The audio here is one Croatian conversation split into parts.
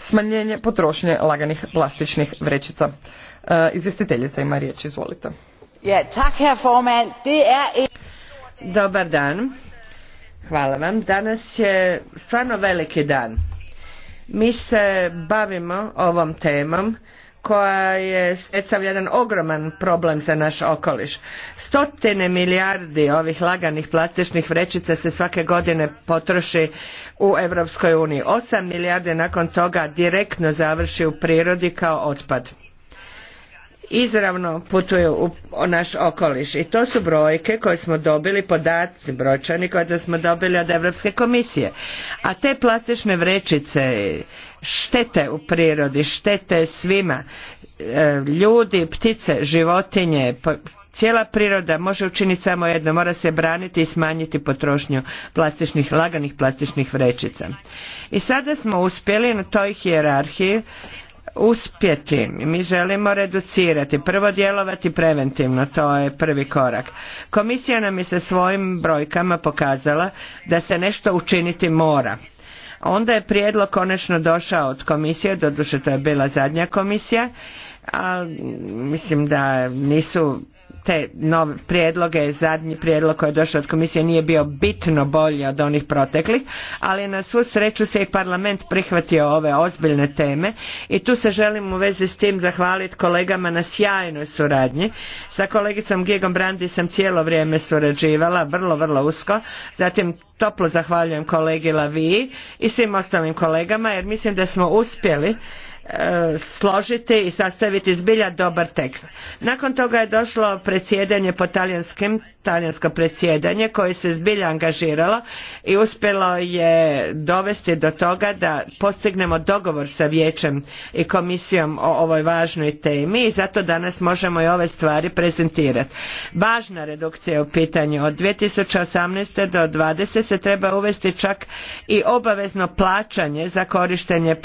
smanjenje potrošnje laganih plastičnih vrećica. E, izvjestiteljica ima riječ, izvolite. Er Dobar dan. Hvala vam. Danas je stvarno veliki dan. Mi se bavimo ovom temom koja je predstavlja jedan ogroman problem za naš okoliš. Stotine milijardi ovih laganih plastičnih vrećica se svake godine potroši u Europskoj uniji. 8 milijarde nakon toga direktno završi u prirodi kao otpad izravno putuju u naš okoliš i to su brojke koje smo dobili podaci brojčani koje smo dobili od Europske komisije a te plastične vrećice štete u prirodi, štete svima, e, ljudi, ptice, životinje, cijela priroda može učiniti samo jedno, mora se braniti i smanjiti potrošnju plastičnih, laganih plastičnih vrećica. I sada smo uspjeli na toj hijerarhiji uspjeti. Mi želimo reducirati, prvo djelovati preventivno, to je prvi korak. Komisija nam je sa svojim brojkama pokazala da se nešto učiniti mora. Onda je prijedlog konačno došao od komisije, doduše to je bila zadnja komisija, a mislim da nisu te nove prijedloge, zadnji prijedlog koji je došao od komisije nije bio bitno bolji od onih proteklih, ali na svu sreću se i parlament prihvatio ove ozbiljne teme i tu se želim u vezi s tim zahvaliti kolegama na sjajnoj suradnji. Sa kolegicom Gigom Brandi sam cijelo vrijeme surađivala, vrlo, vrlo usko, zatim toplo zahvaljujem kolegi Lavi i svim ostalim kolegama jer mislim da smo uspjeli složiti i sastaviti zbilja dobar tekst. Nakon toga je došlo predsjedanje po talijanskim talijansko predsjedanje koje se zbilja angažiralo i uspjelo je dovesti do toga da postignemo dogovor sa vijećem i komisijom o ovoj važnoj temi i zato danas možemo i ove stvari prezentirati. Važna redukcija u pitanju. Od 2018. do 2020 se treba uvesti čak i obavezno plaćanje za korištenje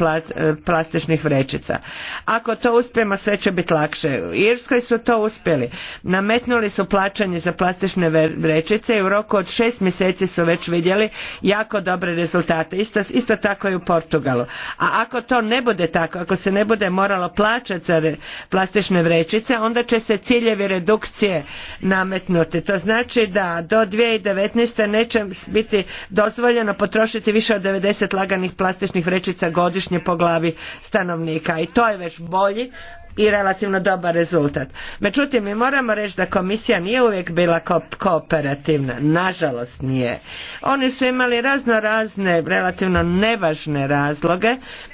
plastičnih vrećica. Ako to uspijemo sve će biti lakše. U Irskoj su to uspjeli. Nametnuli su plaćanje za plastičnih plastične vrećice i u roku od šest mjeseci su već vidjeli jako dobre rezultate. Isto, tako i u Portugalu. A ako to ne bude tako, ako se ne bude moralo plaćati za plastične vrećice, onda će se ciljevi redukcije nametnuti. To znači da do 2019. neće biti dozvoljeno potrošiti više od 90 laganih plastičnih vrećica godišnje po glavi stanovnika. I to je već bolji i relativno dobar rezultat. Međutim, mi moramo reći da komisija nije uvijek bila kooperativna. Nažalost nije. Oni su imali razno razne, relativno nevažne razloge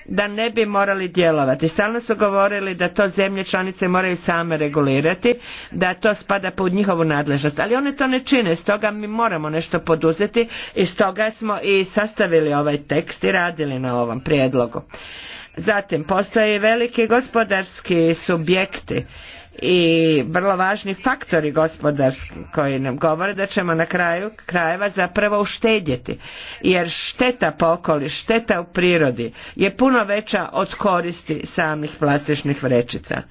da ne bi morali djelovati. Stalno su govorili da to zemlje članice moraju same regulirati, da to spada pod njihovu nadležnost. Ali one to ne čine, stoga mi moramo nešto poduzeti i stoga smo i sastavili ovaj tekst i radili na ovom prijedlogu. Zatim, postoje veliki gospodarski subjekti i vrlo važni faktori gospodarski koji nam govore da ćemo na kraju krajeva zapravo uštedjeti jer šteta po okoli, šteta u prirodi je puno veća od koristi samih plastičnih vrećica.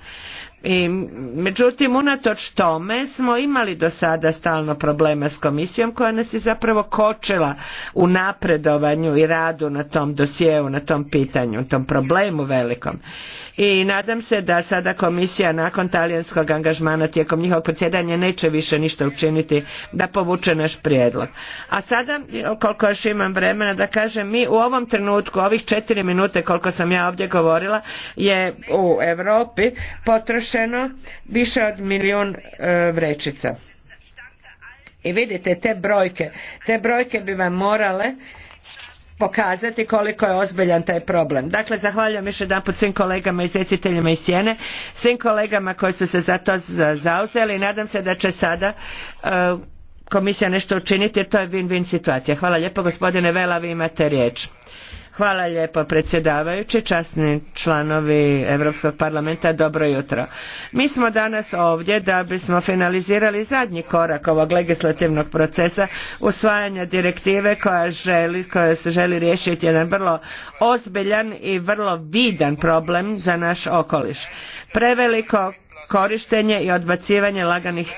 I, međutim, unatoč tome smo imali do sada stalno problema s komisijom koja nas je zapravo kočila u napredovanju i radu na tom dosjeu, na tom pitanju, tom problemu velikom i nadam se da sada komisija nakon talijanskog angažmana tijekom njihovog predsjedanja neće više ništa učiniti da povuče naš prijedlog. A sada, koliko još imam vremena, da kažem, mi u ovom trenutku, ovih četiri minute koliko sam ja ovdje govorila, je u Europi potrošeno više od milijun e, vrećica. I vidite te brojke, te brojke bi vam morale pokazati koliko je ozbiljan taj problem. Dakle, zahvaljujem još jedanput svim kolegama izvjestiteljima iz Sjene, svim kolegama koji su se za to zauzeli i nadam se da će sada e, komisija nešto učiniti jer to je win-win situacija. Hvala lijepo gospodine Vela, vi imate riječ. Hvala lijepo predsjedavajući, časni članovi Europskog parlamenta, dobro jutro. Mi smo danas ovdje da bismo finalizirali zadnji korak ovog legislativnog procesa usvajanja direktive koja želi, koja se želi riješiti jedan vrlo ozbiljan i vrlo vidan problem za naš okoliš. Preveliko korištenje i odbacivanje laganih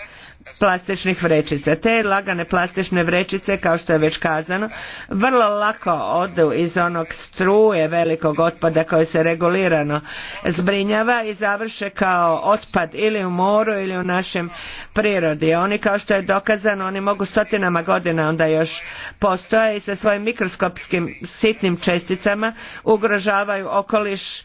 plastičnih vrećica. Te lagane plastične vrećice, kao što je već kazano, vrlo lako odu iz onog struje velikog otpada koje se regulirano zbrinjava i završe kao otpad ili u moru ili u našem prirodi. Oni, kao što je dokazano, oni mogu stotinama godina onda još postoje i sa svojim mikroskopskim sitnim česticama ugrožavaju okoliš e,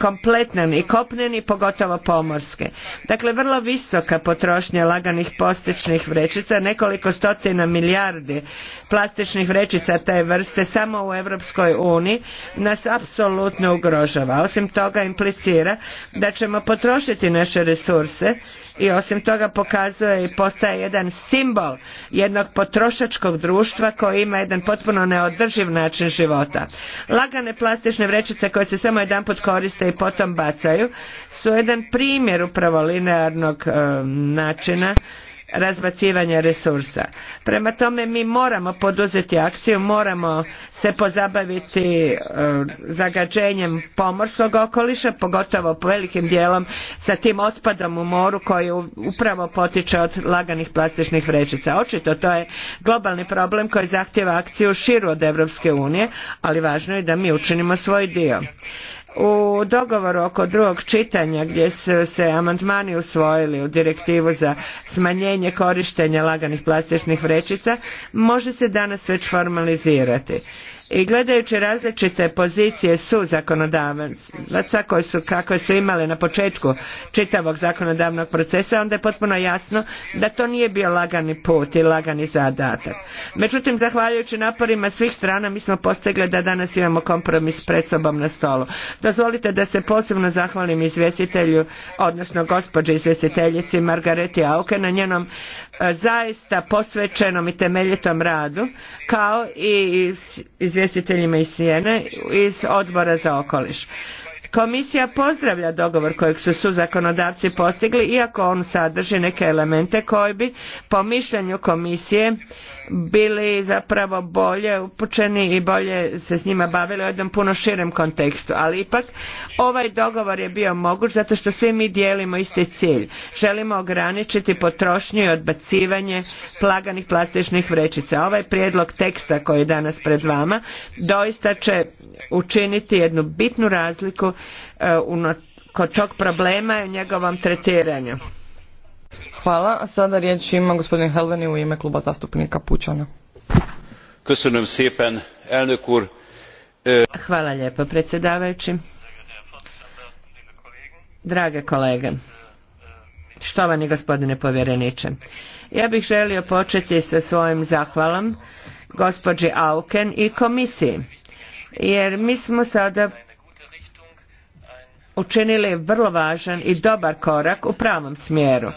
kompletne i kopneni, pogotovo pomorske. Dakle, vrlo visoka potrošnja laganih plastičnih vrećica, nekoliko stotina milijardi plastičnih vrećica te vrste samo u Europskoj uniji nas apsolutno ugrožava. Osim toga implicira da ćemo potrošiti naše resurse i osim toga pokazuje i postaje jedan simbol jednog potrošačkog društva koji ima jedan potpuno neodrživ način života. Lagane plastične vrećice koje se samo jedanput koriste i potom bacaju su jedan primjer upravo linearnog e, načina razbacivanja resursa. Prema tome mi moramo poduzeti akciju, moramo se pozabaviti e, zagađenjem pomorskog okoliša, pogotovo velikim dijelom sa tim otpadom u moru koji upravo potiče od laganih plastičnih vrećica. Očito to je globalni problem koji zahtjeva akciju širu od Europske unije, ali važno je da mi učinimo svoj dio. U dogovoru oko drugog čitanja gdje su se amandmani usvojili u direktivu za smanjenje korištenja laganih plastičnih vrećica može se danas već formalizirati i gledajući različite pozicije su zakonodavaca koje su, kakve su imale na početku čitavog zakonodavnog procesa, onda je potpuno jasno da to nije bio lagani put i lagani zadatak. Međutim, zahvaljujući naporima svih strana mi smo postigli da danas imamo kompromis pred sobom na stolu. Dozvolite da se posebno zahvalim izvjestitelju, odnosno gospođi izvjestiteljici Margareti Auke na njenom E, zaista posvećenom i temeljitom radu kao i izvjestiteljima iz Sijene iz odbora za okoliš. Komisija pozdravlja dogovor kojeg su su zakonodavci postigli iako on sadrži neke elemente koji bi po mišljenju komisije bili zapravo bolje upućeni i bolje se s njima bavili u jednom puno širem kontekstu. Ali ipak ovaj dogovor je bio moguć zato što svi mi dijelimo isti cilj. Želimo ograničiti potrošnju i odbacivanje plaganih plastičnih vrećica. Ovaj prijedlog teksta koji je danas pred vama doista će učiniti jednu bitnu razliku e, kod tog problema i njegovom tretiranju. Hvala. Sada riječ ima gospodin Helveni u ime kluba zastupnika Pučana. Hvala lijepo predsjedavajući. Drage kolege, štovani gospodine povjereniče, ja bih želio početi sa svojim zahvalom gospođi Auken i komisiji, jer mi smo sada učinili vrlo važan i dobar korak u pravom smjeru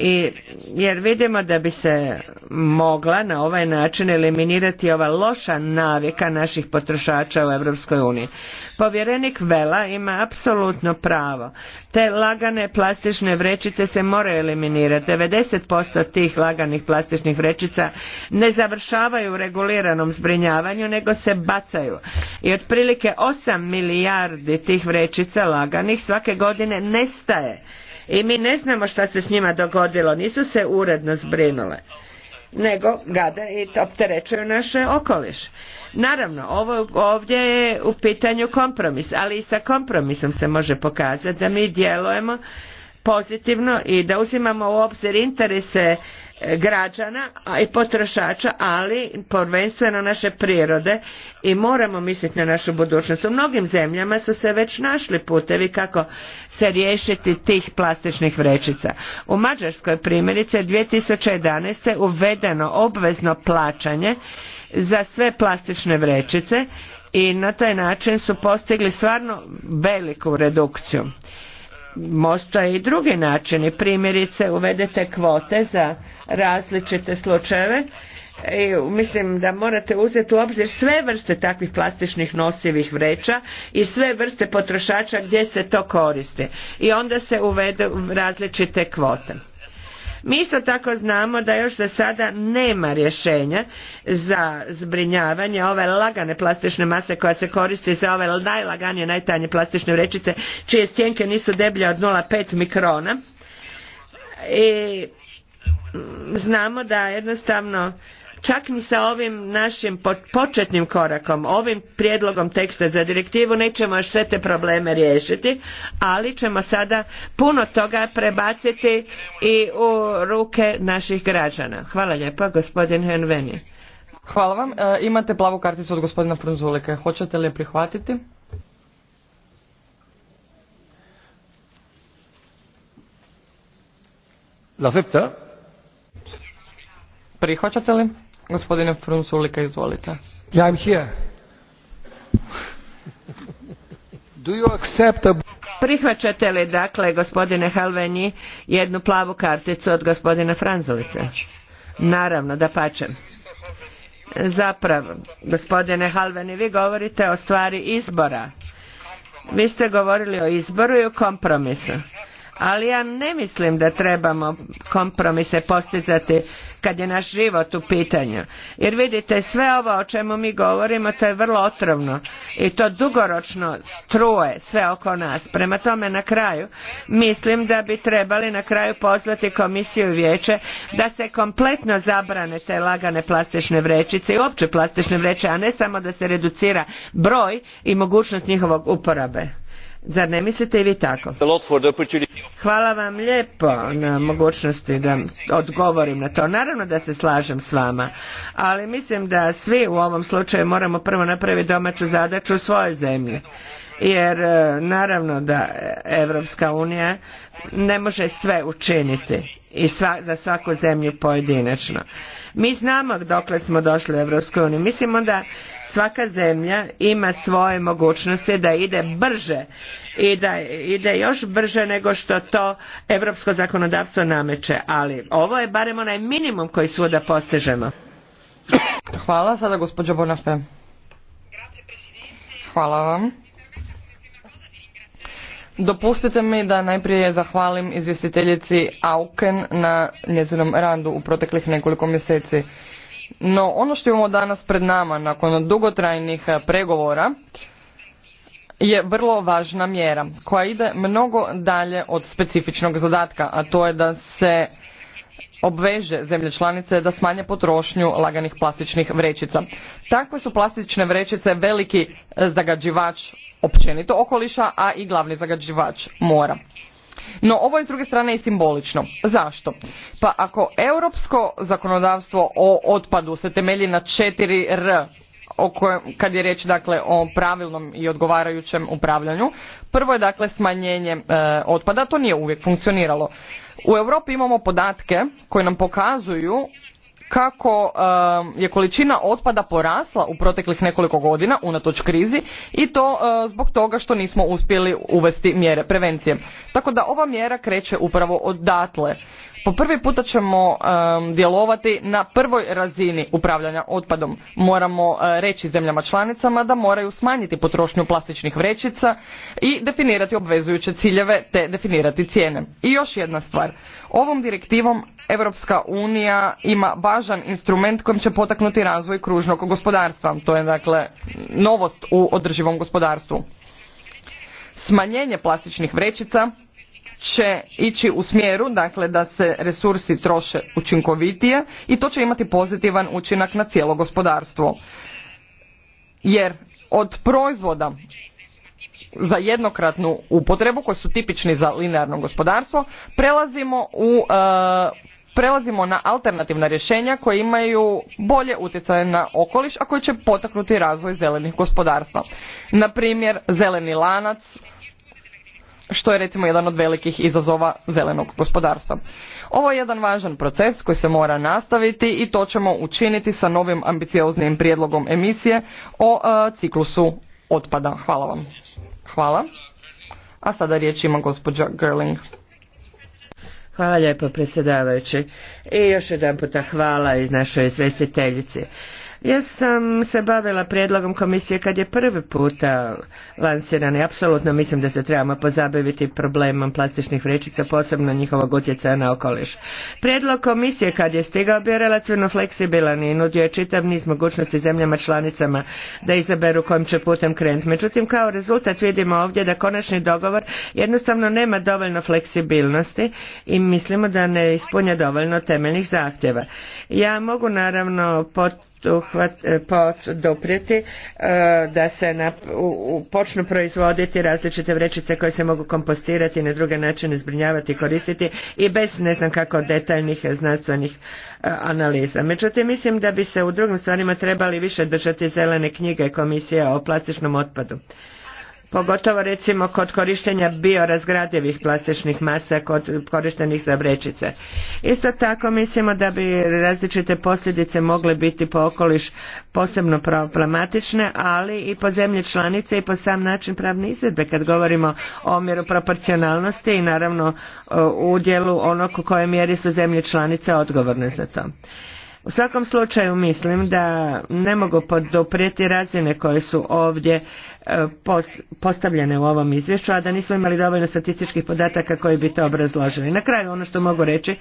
i jer vidimo da bi se mogla na ovaj način eliminirati ova loša navika naših potrošača u Europskoj uniji. Povjerenik Vela ima apsolutno pravo. Te lagane plastične vrećice se moraju eliminirati. 90% tih laganih plastičnih vrećica ne završavaju u reguliranom zbrinjavanju, nego se bacaju. I otprilike 8 milijardi tih vrećica laganih svake godine nestaje i mi ne znamo šta se s njima dogodilo, nisu se uredno zbrinule nego gade i opterećuju naše okoliš. Naravno, ovo ovdje je u pitanju kompromis, ali i sa kompromisom se može pokazati da mi djelujemo pozitivno i da uzimamo u obzir interese građana i potrošača, ali prvenstveno naše prirode i moramo misliti na našu budućnost. U mnogim zemljama su se već našli putevi kako se riješiti tih plastičnih vrećica. U Mađarskoj primjerice 2011. uvedeno obvezno plaćanje za sve plastične vrećice i na taj način su postigli stvarno veliku redukciju postoje i drugi načini. Primjerice uvedete kvote za različite slučajeve i mislim da morate uzeti u obzir sve vrste takvih plastičnih nosivih vreća i sve vrste potrošača gdje se to koriste i onda se uvedu različite kvote. Mi isto tako znamo da još za sada nema rješenja za zbrinjavanje ove lagane plastične mase koja se koristi za ove najlaganije, najtanje plastične vrećice čije stjenke nisu deblje od 0,5 mikrona. I mm, znamo da jednostavno čak ni sa ovim našim početnim korakom, ovim prijedlogom teksta za direktivu nećemo još sve te probleme riješiti, ali ćemo sada puno toga prebaciti i u ruke naših građana. Hvala lijepa, gospodin Henveni. Hvala vam. E, imate plavu karticu od gospodina Frunzulike. Hoćete li je prihvatiti? Prihvaćate li? Gospodine Frunzulika, izvolite. Ja Prihvaćate li dakle gospodine Halvenji jednu plavu karticu od gospodina Franzulice? Naravno, da pačem. Zapravo, gospodine Halveni, vi govorite o stvari izbora. Vi ste govorili o izboru i o kompromisu ali ja ne mislim da trebamo kompromise postizati kad je naš život u pitanju. Jer vidite, sve ovo o čemu mi govorimo, to je vrlo otrovno i to dugoročno truje sve oko nas. Prema tome, na kraju, mislim da bi trebali na kraju pozvati komisiju vijeće da se kompletno zabrane te lagane plastične vrećice i uopće plastične vreće, a ne samo da se reducira broj i mogućnost njihovog uporabe. Zar ne mislite i vi tako? Hvala vam lijepo na mogućnosti da odgovorim na to. Naravno da se slažem s vama, ali mislim da svi u ovom slučaju moramo prvo napraviti domaću zadaću u svojoj zemlji. Jer e, naravno da Evropska unija ne može sve učiniti i za svaku zemlju pojedinačno. Mi znamo dokle smo došli u Europskoj uniji. Mislimo da svaka zemlja ima svoje mogućnosti da ide brže i da ide još brže nego što to europsko zakonodavstvo nameće. Ali ovo je barem onaj minimum koji svuda postižemo. Hvala. Sada gospođo bonafe Hvala vam. Dopustite mi da najprije zahvalim izvjestiteljici Auken na njezinom randu u proteklih nekoliko mjeseci. No, ono što imamo danas pred nama nakon dugotrajnih eh, pregovora je vrlo važna mjera koja ide mnogo dalje od specifičnog zadatka, a to je da se obveže zemlje članice da smanje potrošnju laganih plastičnih vrećica. Takve su plastične vrećice veliki e, zagađivač općenito okoliša, a i glavni zagađivač mora. No ovo je s druge strane i simbolično. Zašto? Pa ako europsko zakonodavstvo o otpadu se temelji na 4R, o kojem, kad je riječ dakle o pravilnom i odgovarajućem upravljanju, prvo je dakle smanjenje e, otpada, to nije uvijek funkcioniralo. U Europi imamo podatke koji nam pokazuju kako um, je količina otpada porasla u proteklih nekoliko godina unatoč krizi i to uh, zbog toga što nismo uspjeli uvesti mjere prevencije. Tako da ova mjera kreće upravo odatle. Po prvi puta ćemo djelovati na prvoj razini upravljanja otpadom. Moramo e, reći zemljama članicama da moraju smanjiti potrošnju plastičnih vrećica i definirati obvezujuće ciljeve te definirati cijene. I još jedna stvar. Ovom direktivom Europska unija ima važan instrument kojim će potaknuti razvoj kružnog gospodarstva. To je dakle novost u održivom gospodarstvu. Smanjenje plastičnih vrećica će ići u smjeru dakle, da se resursi troše učinkovitije i to će imati pozitivan učinak na cijelo gospodarstvo. Jer od proizvoda za jednokratnu upotrebu koji su tipični za linearno gospodarstvo prelazimo u e, prelazimo na alternativna rješenja koje imaju bolje utjecaje na okoliš a koji će potaknuti razvoj zelenih gospodarstva. Na primjer zeleni lanac što je recimo jedan od velikih izazova zelenog gospodarstva. Ovo je jedan važan proces koji se mora nastaviti i to ćemo učiniti sa novim ambicioznim prijedlogom emisije o e, ciklusu otpada. Hvala vam. Hvala. A sada riječ ima gospođa Gerling. Hvala lijepo predsjedavajući. I još jedan puta hvala i našoj izvestiteljici. Ja sam se bavila prijedlogom komisije kad je prvi puta lansiran i apsolutno mislim da se trebamo pozabaviti problemom plastičnih vrećica, posebno njihovog utjecaja na okoliš. Prijedlog komisije kad je stigao bio relativno fleksibilan i nudio je čitav niz mogućnosti zemljama članicama da izaberu kojim će putem krenuti. Međutim, kao rezultat vidimo ovdje da konačni dogovor jednostavno nema dovoljno fleksibilnosti i mislimo da ne ispunja dovoljno temeljnih zahtjeva. Ja mogu naravno pod poduhvat, e, e, da se na, počnu proizvoditi različite vrećice koje se mogu kompostirati i na druge načine zbrinjavati i koristiti i bez ne znam kako detaljnih znanstvenih e, analiza. Međutim, mislim da bi se u drugim stvarima trebali više držati zelene knjige komisije o plastičnom otpadu pogotovo recimo kod korištenja biorazgradivih plastičnih masa kod korištenih za vrećice. Isto tako mislimo da bi različite posljedice mogle biti po okoliš posebno problematične, ali i po zemlje članice i po sam način pravne izvedbe kad govorimo o omjeru proporcionalnosti i naravno u udjelu onog u kojoj mjeri su zemlje članice odgovorne za to. U svakom slučaju mislim da ne mogu poduprijeti razine koje su ovdje e, postavljene u ovom izvješću, a da nismo imali dovoljno statističkih podataka koji bi to obrazložili. Na kraju ono što mogu reći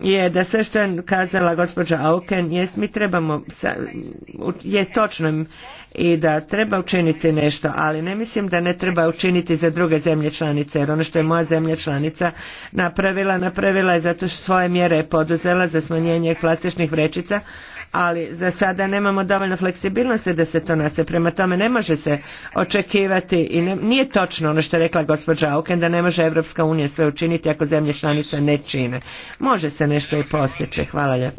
je da sve što je kazala gospođa Auken jest mi trebamo je točno i da treba učiniti nešto, ali ne mislim da ne treba učiniti za druge zemlje članice, jer ono što je moja zemlja članica napravila, napravila je zato što svoje mjere je poduzela za smanjenje plastičnih vrećica, ali za sada nemamo dovoljno fleksibilnosti da se to nase. Prema tome ne može se očekivati i ne, nije točno ono što je rekla gospođa Auken da ne može Evropska unija sve učiniti ako zemlje članica ne čine. Može se nešto i postići. Hvala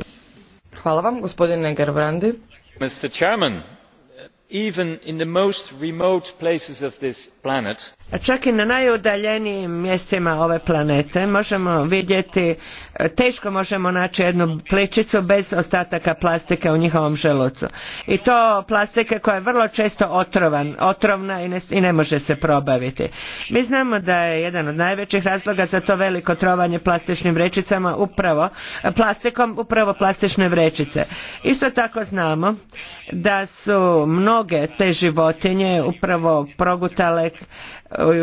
Hvala vam, gospodine Gerbrandi. Mr. Chairman, even in the most remote places of this planet, Čak i na najudaljenijim mjestima ove planete možemo vidjeti, teško možemo naći jednu pličicu bez ostataka plastike u njihovom želucu. I to plastike koja je vrlo često otrovan, otrovna i ne, i ne može se probaviti. Mi znamo da je jedan od najvećih razloga za to veliko trovanje plastičnim vrećicama upravo plastikom, upravo plastične vrećice. Isto tako znamo da su mnoge te životinje upravo progutale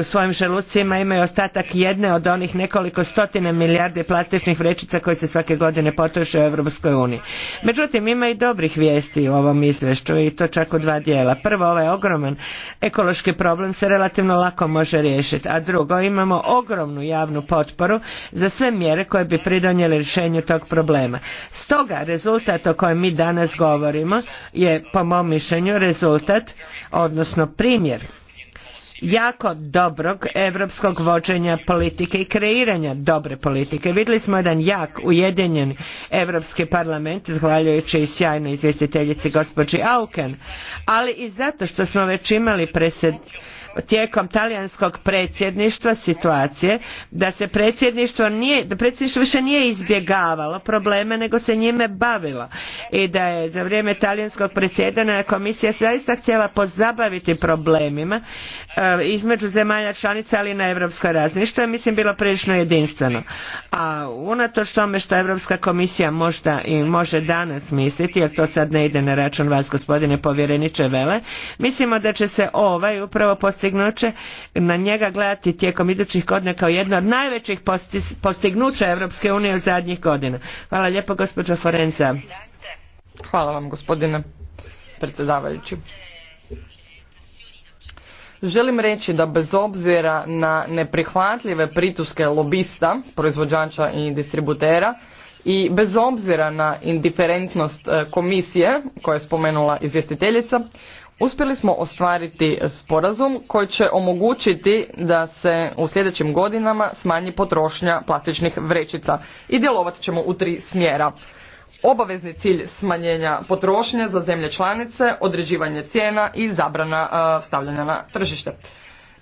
u svojim želucima imaju ostatak jedne od onih nekoliko stotine milijardi plastičnih vrećica koje se svake godine potroše u Europskoj uniji. Međutim, ima i dobrih vijesti u ovom izvješću i to čak u dva dijela. Prvo, ovaj ogroman ekološki problem se relativno lako može riješiti, a drugo, imamo ogromnu javnu potporu za sve mjere koje bi pridonijele rješenju tog problema. Stoga, rezultat o kojem mi danas govorimo je, po mom mišljenju, rezultat, odnosno primjer jako dobrog europskog vođenja politike i kreiranja dobre politike. Vidjeli smo jedan jak ujedinjen evropski parlament zahvaljujući i sjajnoj izvjestiteljici gospođi Auken, ali i zato što smo već imali presed tijekom talijanskog predsjedništva situacije da se predsjedništvo nije, da predsjedništvo više nije izbjegavalo probleme nego se njime bavilo i da je za vrijeme talijanskog predsjedanja komisija zaista htjela pozabaviti problemima eh, između zemalja članica ali i na europskoj razini što je mislim bilo prilično jedinstveno. A unatoč tome što Europska komisija možda i može danas misliti, jer to sad ne ide na račun vas gospodine povjereniče Vele, mislimo da će se ovaj upravo postaviti postignuće na njega gledati tijekom idućih godina kao jedno od najvećih postignuća Europske unije u zadnjih godina. Hvala lijepo gospođo Forenza. Hvala vam gospodine predsjedavajući. Želim reći da bez obzira na neprihvatljive prituske lobista, proizvođača i distributera i bez obzira na indiferentnost e, komisije koje je spomenula izvjestiteljica, Uspjeli smo ostvariti sporazum koji će omogućiti da se u sljedećim godinama smanji potrošnja plastičnih vrećica i djelovat ćemo u tri smjera. Obavezni cilj smanjenja potrošnje za zemlje članice, određivanje cijena i zabrana stavljanja na tržište.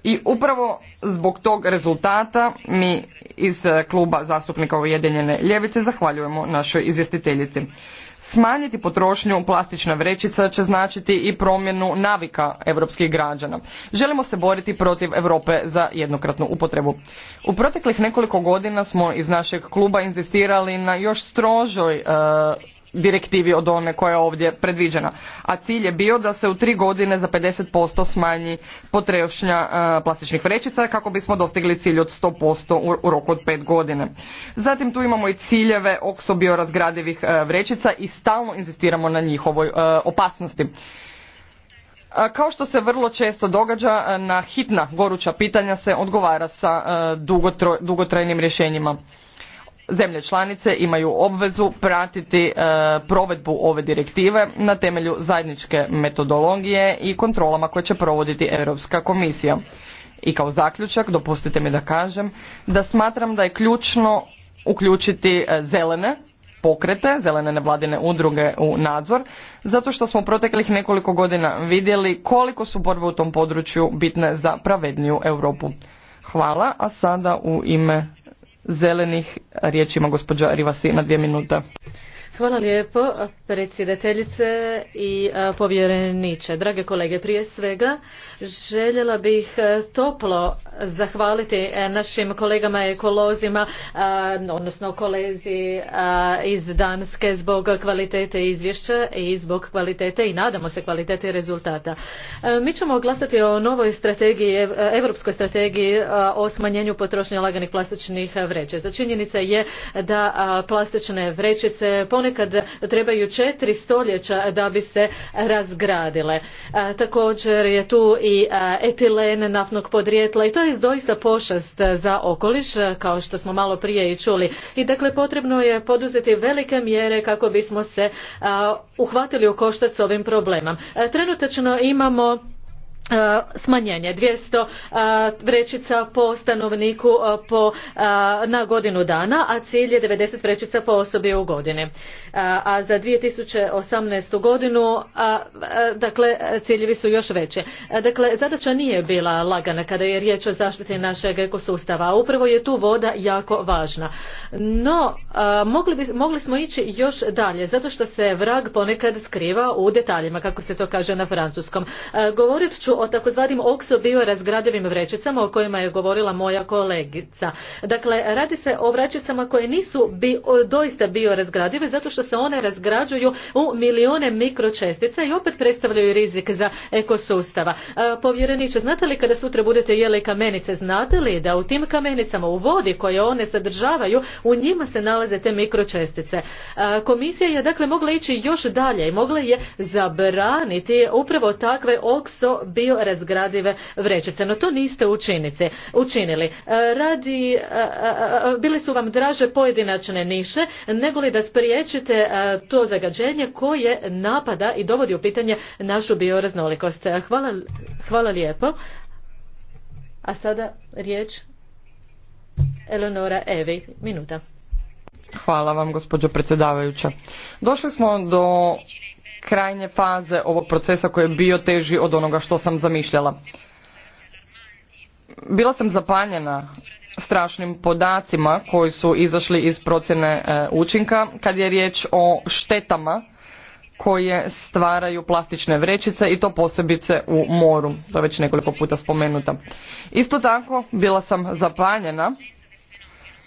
I upravo zbog tog rezultata mi iz kluba zastupnika Ujedinjene ljevice zahvaljujemo našoj izvjestiteljici. Smanjiti potrošnju plastična vrećica će značiti i promjenu navika europskih građana. Želimo se boriti protiv Europe za jednokratnu upotrebu. U proteklih nekoliko godina smo iz našeg kluba inzistirali na još strožoj e, direktivi od one koja je ovdje predviđena. A cilj je bio da se u tri godine za 50% smanji potrošnja e, plastičnih vrećica kako bismo dostigli cilj od 100% u roku od pet godine. Zatim tu imamo i ciljeve okso biorazgradivih e, vrećica i stalno inzistiramo na njihovoj e, opasnosti. Kao što se vrlo često događa, na hitna goruća pitanja se odgovara sa dugotrajnim rješenjima zemlje članice imaju obvezu pratiti e, provedbu ove direktive na temelju zajedničke metodologije i kontrolama koje će provoditi Europska komisija. I kao zaključak dopustite mi da kažem da smatram da je ključno uključiti e, zelene pokrete, zelene nevladine udruge u nadzor, zato što smo u proteklih nekoliko godina vidjeli koliko su borbe u tom području bitne za pravedniju Europu. Hvala, a sada u ime zelenih. Riječ ima gospođa Rivasi na dvije minuta. Hvala lijepo predsjedateljice i povjereniče. Drage kolege, prije svega željela bih toplo zahvaliti e, našim kolegama ekolozima, odnosno kolezi iz Danske zbog kvalitete izvješća i zbog kvalitete i nadamo se kvalitete rezultata. E, mi ćemo glasati o novoj strategiji, europskoj strategiji o smanjenju potrošnje laganih plastičnih vrećica. Činjenica je da plastične vrećice ponekad trebaju četiri stoljeća da bi se razgradile. E, također je tu i e, etilen naftnog podrijetla i to je doista pošast za okoliš e, kao što smo malo prije i čuli. I dakle potrebno je poduzeti velike mjere kako bismo se uhvatili u koštac s ovim problemom. Trenutačno imamo E, smanjenje 200 e, vrećica po stanovniku e, na godinu dana, a cilj je 90 vrećica po osobi u godini. A za 2018. godinu dakle, ciljevi su još veći. Dakle, zadaća nije bila lagana kada je riječ o zaštiti našeg ekosustava. Upravo je tu voda jako važna. No, mogli, mogli smo ići još dalje, zato što se vrag ponekad skriva u detaljima, kako se to kaže na francuskom. Govorit ću o takozvanim okso biorazgradivim vrećicama o kojima je govorila moja kolegica. Dakle, radi se o vrećicama koje nisu doista biorazgradive zato što se one razgrađuju u milijune mikročestica i opet predstavljaju rizik za ekosustava. Povjereniče, znate li kada sutra budete jeli kamenice, znate li da u tim kamenicama u vodi koje one sadržavaju, u njima se nalaze te mikročestice. Komisija je dakle mogla ići još dalje i mogla je zabraniti upravo takve okso biorazgradive vrećice. No to niste učinili. E, radi, e, e, bili su vam draže pojedinačne niše nego li da spriječite to zagađenje koje napada i dovodi u pitanje našu bioraznolikost. Hvala, hvala lijepo. A sada riječ Eleonora Evi. Minuta. Hvala vam, gospođo predsjedavajuća. Došli smo do krajnje faze ovog procesa koji je bio teži od onoga što sam zamišljala. Bila sam zapanjena strašnim podacima koji su izašli iz procjene e, učinka kad je riječ o štetama koje stvaraju plastične vrećice i to posebice u moru. To je već nekoliko puta spomenuta. Isto tako bila sam zapanjena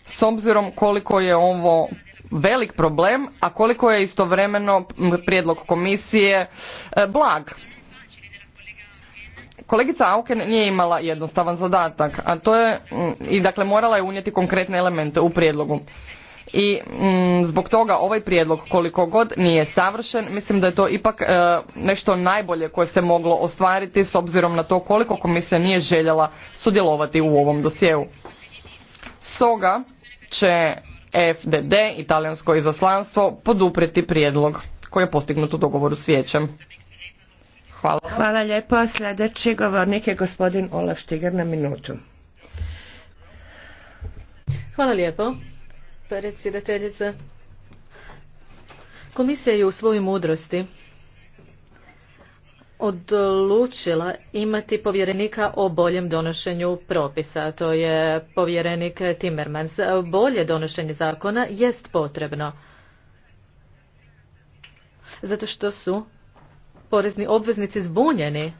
s obzirom koliko je ovo velik problem, a koliko je istovremeno prijedlog komisije e, blag. Kolegica Auken nije imala jednostavan zadatak, a to je mm, i dakle morala je unijeti konkretne elemente u prijedlogu. I mm, zbog toga ovaj prijedlog koliko god nije savršen, mislim da je to ipak e, nešto najbolje koje se moglo ostvariti s obzirom na to koliko komisija nije željela sudjelovati u ovom dosjeu. Stoga će FDD, italijansko izaslanstvo, poduprijeti prijedlog koji je postignut u dogovoru s vijećem. Hvala. Hvala lijepo. Sljedeći govornik je gospodin Olaf Štiger na minutu. Hvala lijepo, predsjedateljice. Komisija je u svojoj mudrosti odlučila imati povjerenika o boljem donošenju propisa. To je povjerenik Timmermans. Bolje donošenje zakona jest potrebno. Zato što su porezni obveznici zbunjeni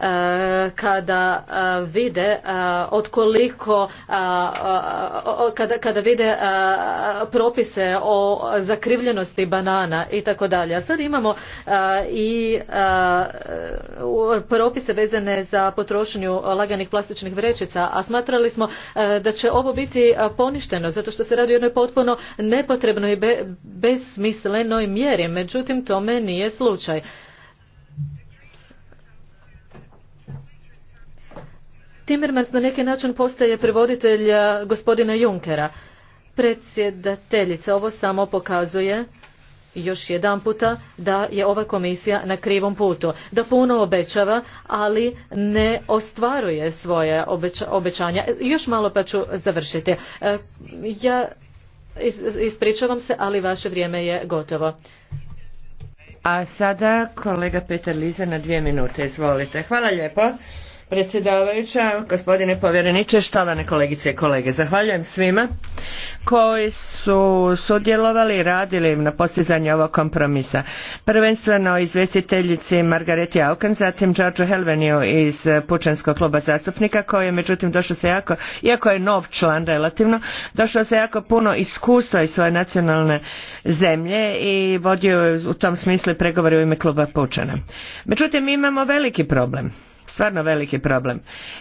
Eh, kada eh, vide eh, od koliko kada, kada vide propise o zakrivljenosti banana i tako dalje. A sad imamo i propise vezane za potrošnju laganih plastičnih vrećica, a smatrali smo da će ovo biti poništeno zato što se radi o jednoj potpuno nepotrebnoj i besmislenoj mjeri. Međutim, tome nije slučaj. Timmermans na neki način postaje prevoditelj gospodina Junkera. Predsjedateljica ovo samo pokazuje još jedan puta da je ova komisija na krivom putu, da puno obećava, ali ne ostvaruje svoje obećanja. Još malo pa ću završiti. E, ja ispričavam se, ali vaše vrijeme je gotovo. A sada kolega Peter Liza na dvije minute, izvolite. Hvala lijepo predsjedavajuća, gospodine povjereniče, štovane kolegice i kolege. Zahvaljujem svima koji su sudjelovali i radili na postizanju ovog kompromisa. Prvenstveno izvjestiteljici Margareti Auken, zatim Georgeu Helveniju iz Pučanskog kluba zastupnika koji je međutim došao se jako, iako je nov član relativno, došao se jako puno iskustva iz svoje nacionalne zemlje i vodio je u tom smislu pregovore u ime kluba Pučana. Međutim, imamo veliki problem stvarno veliki problem.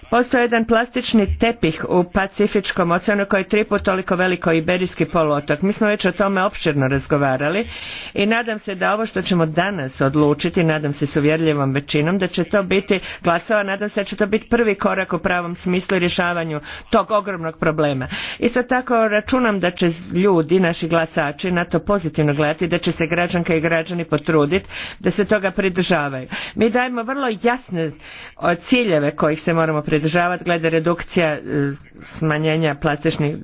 Postoji jedan plastični tepih u Pacifičkom oceanu koji je triput toliko veliko Iberijski poluotok. Mi smo već o tome opširno razgovarali i nadam se da ovo što ćemo danas odlučiti, nadam se s uvjerljivom većinom, da će to biti glasova, nadam se da će to biti prvi korak u pravom smislu i rješavanju tog ogromnog problema. Isto tako računam da će ljudi, naši glasači, na to pozitivno gledati, da će se građanke i građani potruditi da se toga pridržavaju. Mi dajemo vrlo jasne ciljeve kojih se moramo pridržavati glede redukcija e, smanjenja plastičnih,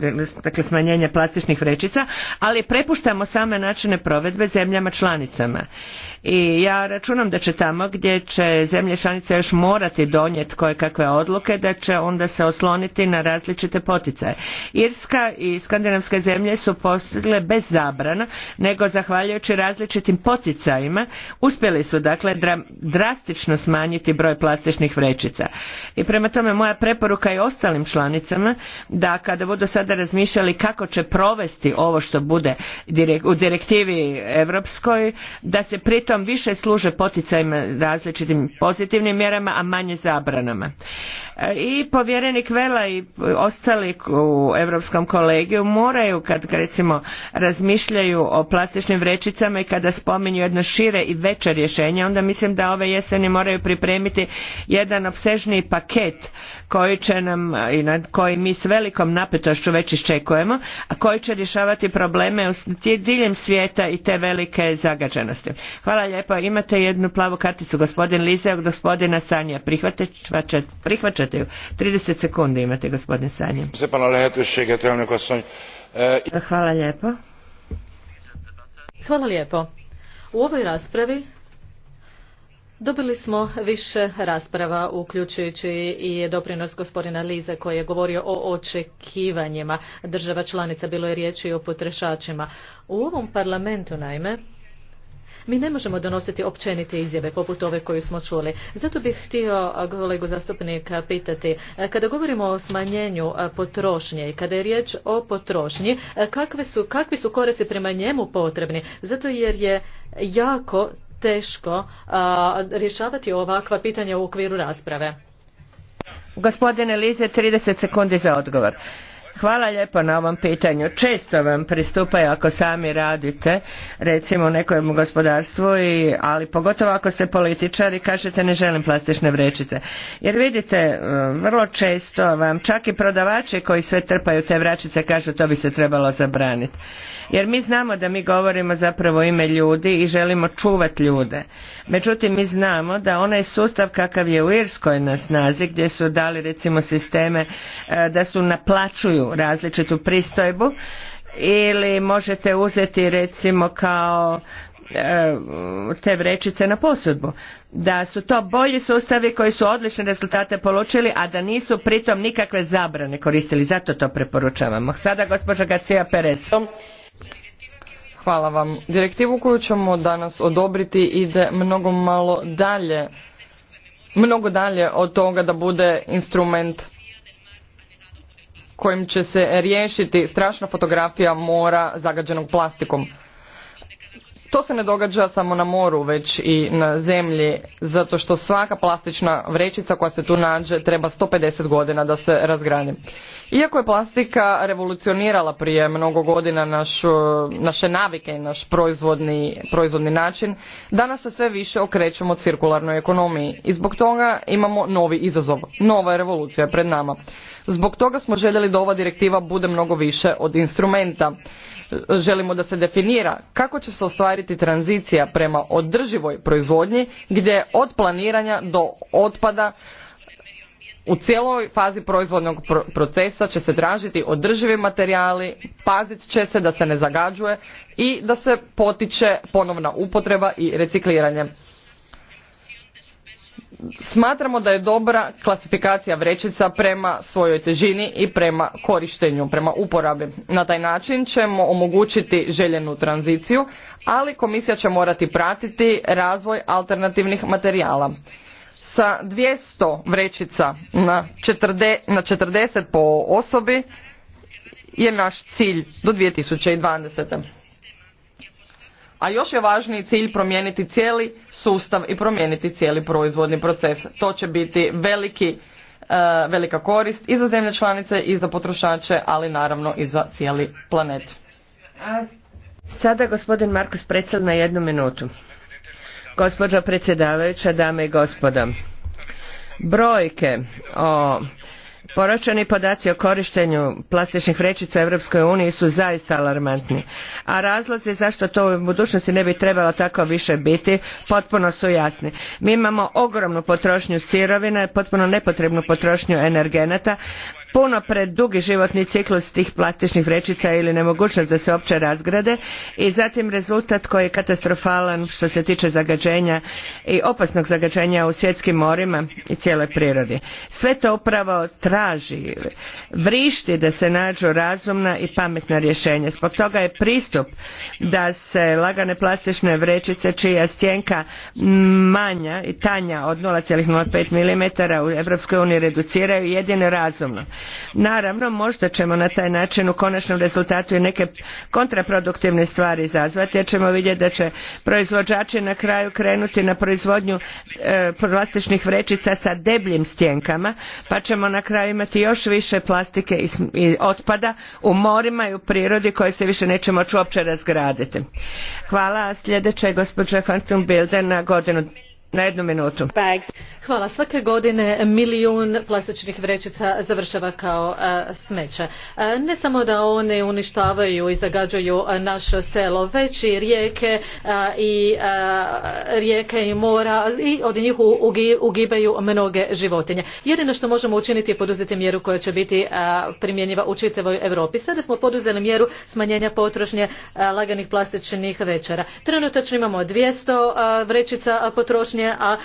dakle smanjenja plastičnih vrećica, ali prepuštamo same načine provedbe zemljama članicama. I ja računam da će tamo gdje će zemlje članice još morati donijeti koje kakve odluke, da će onda se osloniti na različite poticaje. Irska i skandinavske zemlje su postigle bez zabrana, nego zahvaljujući različitim poticajima uspjeli su dakle drastično smanjiti broj plastičnih vrećica. I prema tome moja preporuka je ostalim članicama da kada budu sada razmišljali kako će provesti ovo što bude u direktivi europskoj, da se pritom više služe poticajima različitim pozitivnim mjerama, a manje zabranama. E, I povjerenik Vela i ostali u Europskom kolegiju moraju kad recimo razmišljaju o plastičnim vrećicama i kada spominju jedno šire i veće rješenje, onda mislim da ove jeseni moraju pripremiti jedan opsežniji paket koji će nam i na koji mi s velikom napetošću već iščekujemo, a koji će rješavati probleme u diljem svijeta i te velike zagađenosti. Hvala lijepo. Imate jednu plavu karticu gospodin Lize gospodina Sanja. Prihvaćate, ju. 30 sekundi imate gospodin Sanja. Hvala lijepo. Hvala lijepo. U ovoj raspravi Dobili smo više rasprava, uključujući i doprinos gospodina Lize koji je govorio o očekivanjima država članica, bilo je riječi o potrošačima. U ovom parlamentu, naime, mi ne možemo donositi općenite izjave poput ove koju smo čuli. Zato bih htio kolegu zastupnika pitati, kada govorimo o smanjenju potrošnje i kada je riječ o potrošnji, kakve su, kakvi su koraci prema njemu potrebni? Zato jer je jako teško rješavati ovakva pitanja u okviru rasprave. Gospodine Lize, 30 sekundi za odgovor. Hvala lijepo na ovom pitanju. Često vam pristupaju ako sami radite, recimo u nekom gospodarstvu, i, ali pogotovo ako ste političari kažete ne želim plastične vrećice. Jer vidite, e, vrlo često vam čak i prodavači koji sve trpaju te vrećice kažu to bi se trebalo zabraniti. Jer mi znamo da mi govorimo zapravo u ime ljudi i želimo čuvati ljude. Međutim, mi znamo da onaj sustav kakav je u Irskoj na snazi, gdje su dali recimo sisteme e, da su naplaćuju različitu pristojbu, ili možete uzeti recimo kao e, te vrećice na posudbu. Da su to bolji sustavi koji su odlične rezultate polučili, a da nisu pritom nikakve zabrane koristili. Zato to preporučavamo. Sada gospođa Garcia Perez. Hvala vam. Direktivu koju ćemo danas odobriti ide mnogo malo dalje, mnogo dalje od toga da bude instrument kojim će se riješiti strašna fotografija mora zagađenog plastikom. To se ne događa samo na moru, već i na zemlji, zato što svaka plastična vrećica koja se tu nađe treba 150 godina da se razgradi. Iako je plastika revolucionirala prije mnogo godina naš, e, naše navike i naš proizvodni, proizvodni način, danas se sve više okrećemo cirkularnoj ekonomiji i zbog toga imamo novi izazov. Nova revolucija pred nama. Zbog toga smo željeli da ova direktiva bude mnogo više od instrumenta želimo da se definira kako će se ostvariti tranzicija prema održivoj proizvodnji gdje od planiranja do otpada u cijeloj fazi proizvodnog procesa će se tražiti održivi materijali, pazit će se da se ne zagađuje i da se potiče ponovna upotreba i recikliranje. Smatramo da je dobra klasifikacija vrećica prema svojoj težini i prema korištenju, prema uporabi. Na taj način ćemo omogućiti željenu tranziciju, ali komisija će morati pratiti razvoj alternativnih materijala. Sa 200 vrećica na 40 po osobi je naš cilj do 2020 a još je važniji cilj promijeniti cijeli sustav i promijeniti cijeli proizvodni proces. To će biti veliki, e, velika korist i za zemlje članice i za potrošače, ali naravno i za cijeli planet. Sada gospodin Markus Precel na jednu minutu. gospođa predsjedavajuća, dame i gospodo, brojke o poročeni podaci o korištenju plastičnih vrećica u EU su zaista alarmantni, a razlozi zašto to u budućnosti ne bi trebalo tako više biti potpuno su jasni. Mi imamo ogromnu potrošnju sirovina, potpuno nepotrebnu potrošnju energenata, puno dugi životni ciklus tih plastičnih vrećica ili nemogućnost da se opće razgrade i zatim rezultat koji je katastrofalan što se tiče zagađenja i opasnog zagađenja u svjetskim morima i cijeloj prirodi. Sve to upravo traži, vrišti da se nađu razumna i pametna rješenja. Zbog toga je pristup da se lagane plastične vrećice čija stjenka manja i tanja od 0,05 mm u EU reduciraju jedino razumno. Naravno, možda ćemo na taj način u konačnom rezultatu i neke kontraproduktivne stvari izazvati, jer ćemo vidjeti da će proizvođači na kraju krenuti na proizvodnju e, plastičnih vrećica sa debljim stjenkama, pa ćemo na kraju imati još više plastike i, otpada u morima i u prirodi koje se više neće moći uopće razgraditi. Hvala, sljedeće je gospođa Bilder na godinu na jednu minutu. Hvala. Svake godine milijun plastičnih vrećica završava kao e, smeće. E, ne samo da one uništavaju i zagađaju e, naše selo, već i rijeke i rijeke i mora i od njih ugibaju mnoge životinje. Jedino što možemo učiniti je poduzeti mjeru koja će biti primjenjiva u čitavoj Europi. Sada smo poduzeli mjeru smanjenja potrošnje laganih plastičnih večera. Trenutačno imamo 200 vrećica potrošnje godine, a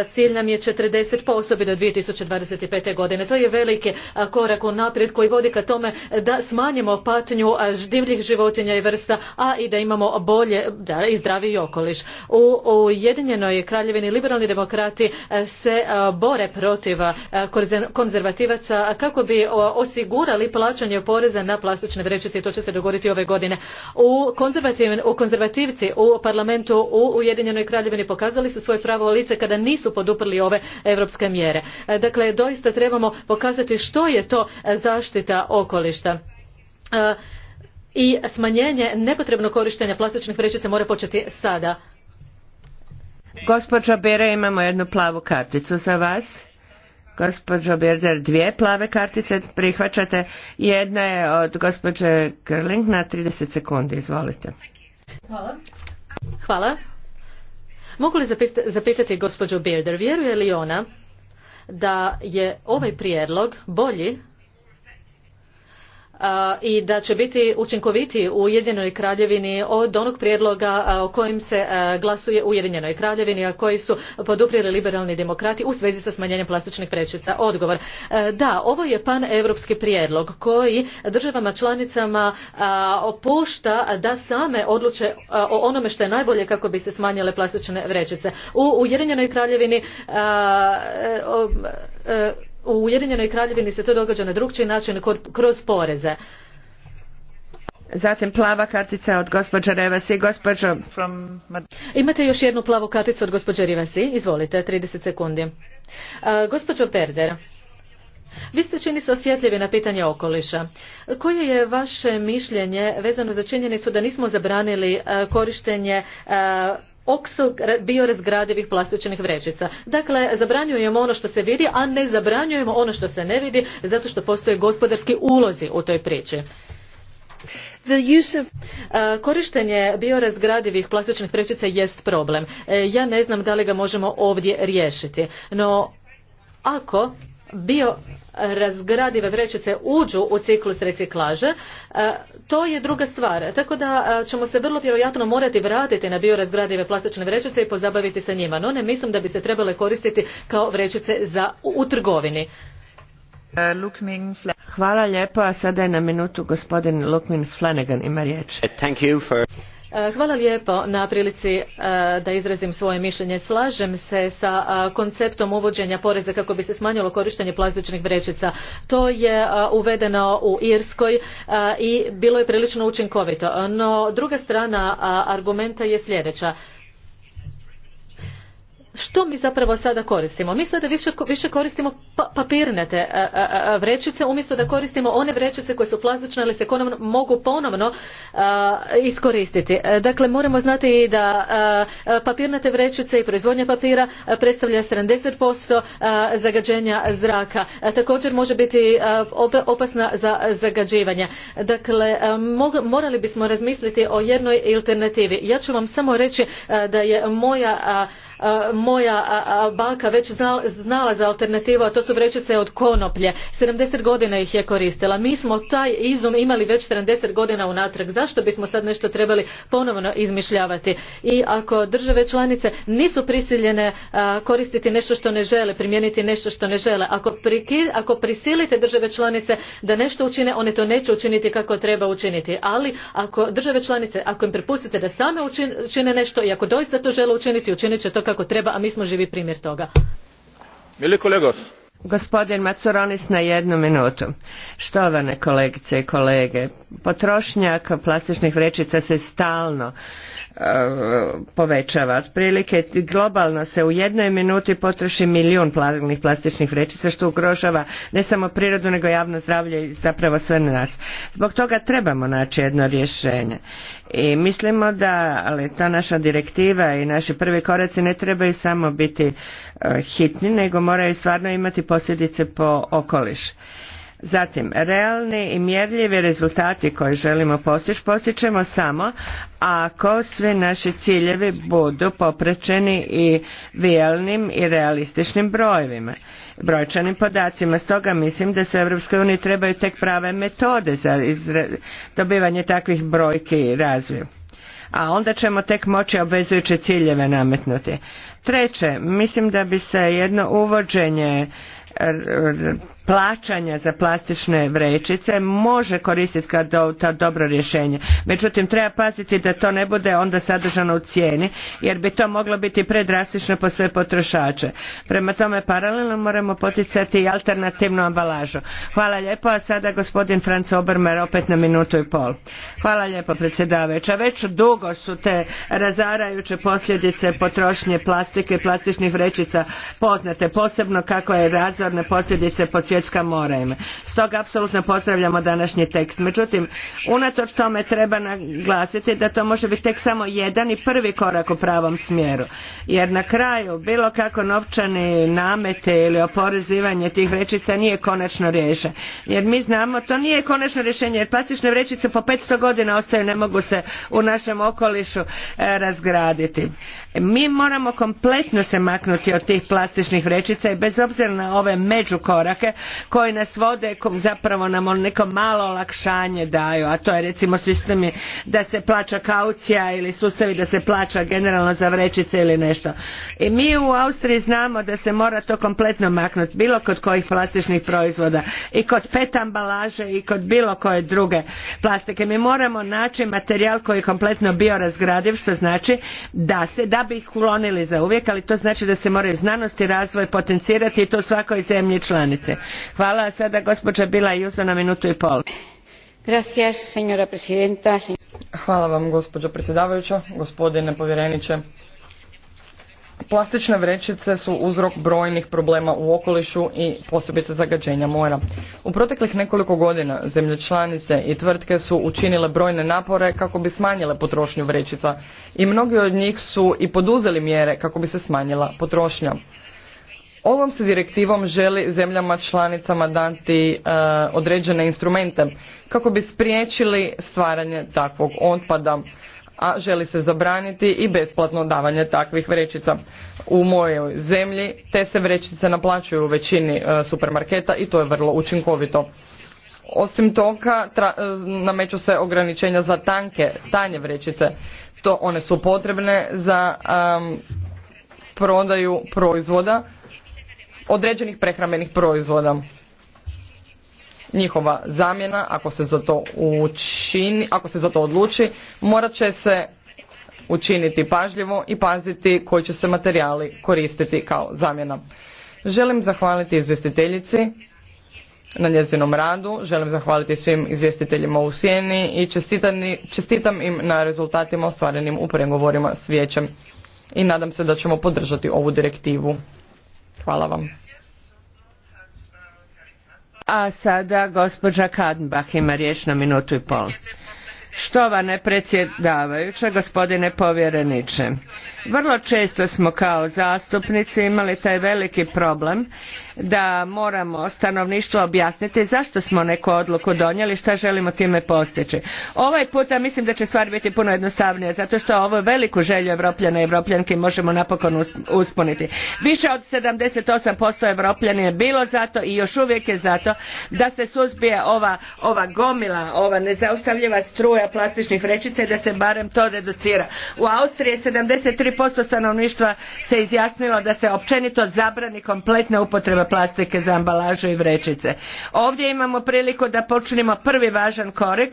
e, cilj nam je 40% po osobi do 2025. godine. To je veliki e, korak unaprijed koji vodi ka tome da smanjimo patnju e, divljih životinja i vrsta, a i da imamo bolje i zdraviji okoliš. U Ujedinjenoj kraljevini liberalni demokrati se bore protiv konzervativaca kako bi osigurali plaćanje poreza na plastične vrećice i to će se dogoditi ove godine. U, u konzervativci u parlamentu u Ujedinjenoj kraljevini pokazali su svoje pravo u lice kada nisu poduprli ove europske mjere. E, dakle, doista trebamo pokazati što je to e, zaštita okolišta. E, i smanjenje nepotrebno korištenja plastičnih vrećica mora početi sada. gospođa Bere, imamo jednu plavu karticu za vas. Gospođo Berder, dvije plave kartice prihvaćate. Jedna je od gospođe Grling na 30 sekundi. Izvolite. Hvala. Hvala. Mogu li zapitati gospođu Bilder vjeruje li ona da je ovaj prijedlog bolji i da će biti učinkovitiji u Ujedinjenoj kraljevini od onog prijedloga o kojim se glasuje u Ujedinjenoj kraljevini, a koji su poduprijeli liberalni demokrati u svezi sa smanjenjem plastičnih vrećica. Odgovor. Da, ovo je paneuropski prijedlog koji državama članicama opušta da same odluče o onome što je najbolje kako bi se smanjile plastične vrećice. U Ujedinjenoj kraljevini e, e, u Ujedinjenoj kraljevini se to događa na drugčiji način kroz poreze. Zatim plava kartica od gospođe Revasi. Gospođo... Imate još jednu plavu karticu od gospođe Revasi. Izvolite, 30 sekundi. E, gospođo Perder, vi ste čini se osjetljivi na pitanje okoliša. Koje je vaše mišljenje vezano za činjenicu da nismo zabranili e, korištenje e, oksok biorazgradivih plastičnih vrećica. Dakle, zabranjujemo ono što se vidi, a ne zabranjujemo ono što se ne vidi, zato što postoje gospodarski ulozi u toj priči. The use Korištenje biorazgradivih plastičnih vrećica jest problem. E, ja ne znam da li ga možemo ovdje riješiti, no ako bio razgradive vrećice uđu u ciklus reciklaže, e, to je druga stvar. Tako da e, ćemo se vrlo vjerojatno morati vratiti na biorazgradive plastične vrećice i pozabaviti se njima. No ne mislim da bi se trebale koristiti kao vrećice za, u, trgovini. E, Hvala lijepo, sada je na minutu gospodin Lukmin Flanagan ima riječ. E, hvala lijepo na prilici e, da izrazim svoje mišljenje. Slažem se sa e, konceptom uvođenja poreza kako bi se smanjilo korištenje plastičnih vrećica. To je uvedeno u Irskoj i bilo je prilično učinkovito. No druga strana argumenta je sljedeća što mi zapravo sada koristimo? Mi sada više, koristimo pa, papirnate e, e, e, vrećice umjesto da koristimo one vrećice koje su plastične ali se mogu ponovno iskoristiti. Dakle, moramo znati i da papirnate vrećice i proizvodnja papira predstavlja 70% zagađenja zraka. Također može biti opasna za zagađivanje. Dakle, morali bismo razmisliti o jednoj alternativi. Ja ću vam samo reći da je moja moja baka već znala za alternativu, a to su vrećice od konoplje. 70 godina ih je koristila. Mi smo taj izum imali već 70 godina unatrag. Zašto bismo sad nešto trebali ponovno izmišljavati? I ako države članice nisu prisiljene koristiti nešto što ne žele, primijeniti nešto što ne žele, ako, prisilite države članice da nešto učine, one to neće učiniti kako treba učiniti. Ali ako države članice, ako im prepustite da same učine nešto i ako doista to žele učiniti, učinit će to kako kako treba a mi smo živi primjer toga. Gospodin Macoronis na jednu minutu. Štovane kolegice i kolege, potrošnja plastičnih vrećica se stalno E, povećava. Otprilike globalno se u jednoj minuti potroši milijun plavnih plastičnih vrećica što ugrožava ne samo prirodu nego javno zdravlje i zapravo sve na nas. Zbog toga trebamo naći jedno rješenje. I mislimo da ali ta naša direktiva i naši prvi koraci ne trebaju samo biti e, hitni nego moraju stvarno imati posljedice po okoliš. Zatim, realni i mjerljivi rezultati koje želimo postići, postićemo samo ako svi naši ciljevi budu poprečeni i vijelnim i realističnim brojevima, brojčanim podacima. Stoga mislim da se u uniji trebaju tek prave metode za dobivanje takvih brojki i razviju a onda ćemo tek moći obvezujuće ciljeve nametnuti. Treće, mislim da bi se jedno uvođenje plaćanja za plastične vrećice može koristiti kao ta dobro rješenje. Međutim, treba paziti da to ne bude onda sadržano u cijeni, jer bi to moglo biti predrastično po sve potrošače. Prema tome, paralelno moramo poticati i alternativnu ambalažu. Hvala lijepo, a sada gospodin Franc Obermer opet na minutu i pol. Hvala lijepo, predsjedavajuća. Već dugo su te razarajuće posljedice potrošnje plastike i plastičnih vrećica poznate, posebno kako je razorne posljedice po svjetska mora ima. Stoga apsolutno pozdravljamo današnji tekst. Međutim, unatoč tome treba naglasiti da to može biti tek samo jedan i prvi korak u pravom smjeru. Jer na kraju bilo kako novčani namete ili oporezivanje tih vrećica nije konačno rješenje. Jer mi znamo to nije konačno rješenje jer plastične vrećice po 500 godina ostaju ne mogu se u našem okolišu e, razgraditi. Mi moramo kompletno se maknuti od tih plastičnih vrećica i bez obzira na ove međukorake koji nas vode zapravo nam neko malo olakšanje daju, a to je recimo sistemi da se plaća kaucija ili sustavi da se plaća generalno za vrećice ili nešto. I mi u Austriji znamo da se mora to kompletno maknuti, bilo kod kojih plastičnih proizvoda i kod pet ambalaže i kod bilo koje druge plastike. Mi moramo naći materijal koji je kompletno biorazgradiv, što znači da se da bi ih uklonili za uvijek, ali to znači da se moraju znanost i razvoj potencirati i to u svakoj zemlji članice. Hvala, sada gospođa Bila Juso na minutu i pol. Hvala vam gospođo predsjedavajuća, gospodine povjereniče. Plastične vrećice su uzrok brojnih problema u okolišu i posebice zagađenja mora. U proteklih nekoliko godina zemlje članice i tvrtke su učinile brojne napore kako bi smanjile potrošnju vrećica i mnogi od njih su i poduzeli mjere kako bi se smanjila potrošnja. Ovom se direktivom želi zemljama članicama dati e, određene instrumente kako bi spriječili stvaranje takvog otpada a želi se zabraniti i besplatno davanje takvih vrećica. U mojoj zemlji te se vrećice naplaćuju u većini e, supermarketa i to je vrlo učinkovito. Osim toga, e, nameću se ograničenja za tanke, tanje vrećice. To one su potrebne za prodaju proizvoda, određenih prehrambenih proizvoda. Njihova zamjena, ako se za to, učini, ako se za to odluči, morat će se učiniti pažljivo i paziti koji će se materijali koristiti kao zamjena. Želim zahvaliti izvjestiteljici na njezinom radu, želim zahvaliti svim izvjestiteljima u Sjeni i čestitam im na rezultatima ostvarenim u pregovorima s vijećem i nadam se da ćemo podržati ovu direktivu. Hvala vam. A sada gospođa Kadenbach ima riječ na minutu i pol. ne predsjedavajuća, gospodine povjereniče, vrlo često smo kao zastupnici imali taj veliki problem da moramo stanovništvu objasniti zašto smo neku odluku donijeli, šta želimo time postići. Ovaj puta mislim da će stvar biti puno jednostavnija, zato što ovu veliku želju Evropljana i Evropljanki možemo napokon uspuniti. Više od 78% Evropljana je bilo zato i još uvijek je zato da se suzbije ova, ova gomila, ova nezaustavljiva struja plastičnih vrećica i da se barem to reducira. U Austriji je 73 posto stanovništva se izjasnilo da se općenito zabrani kompletna upotreba plastike za ambalažu i vrećice. Ovdje imamo priliku da počinimo prvi važan korak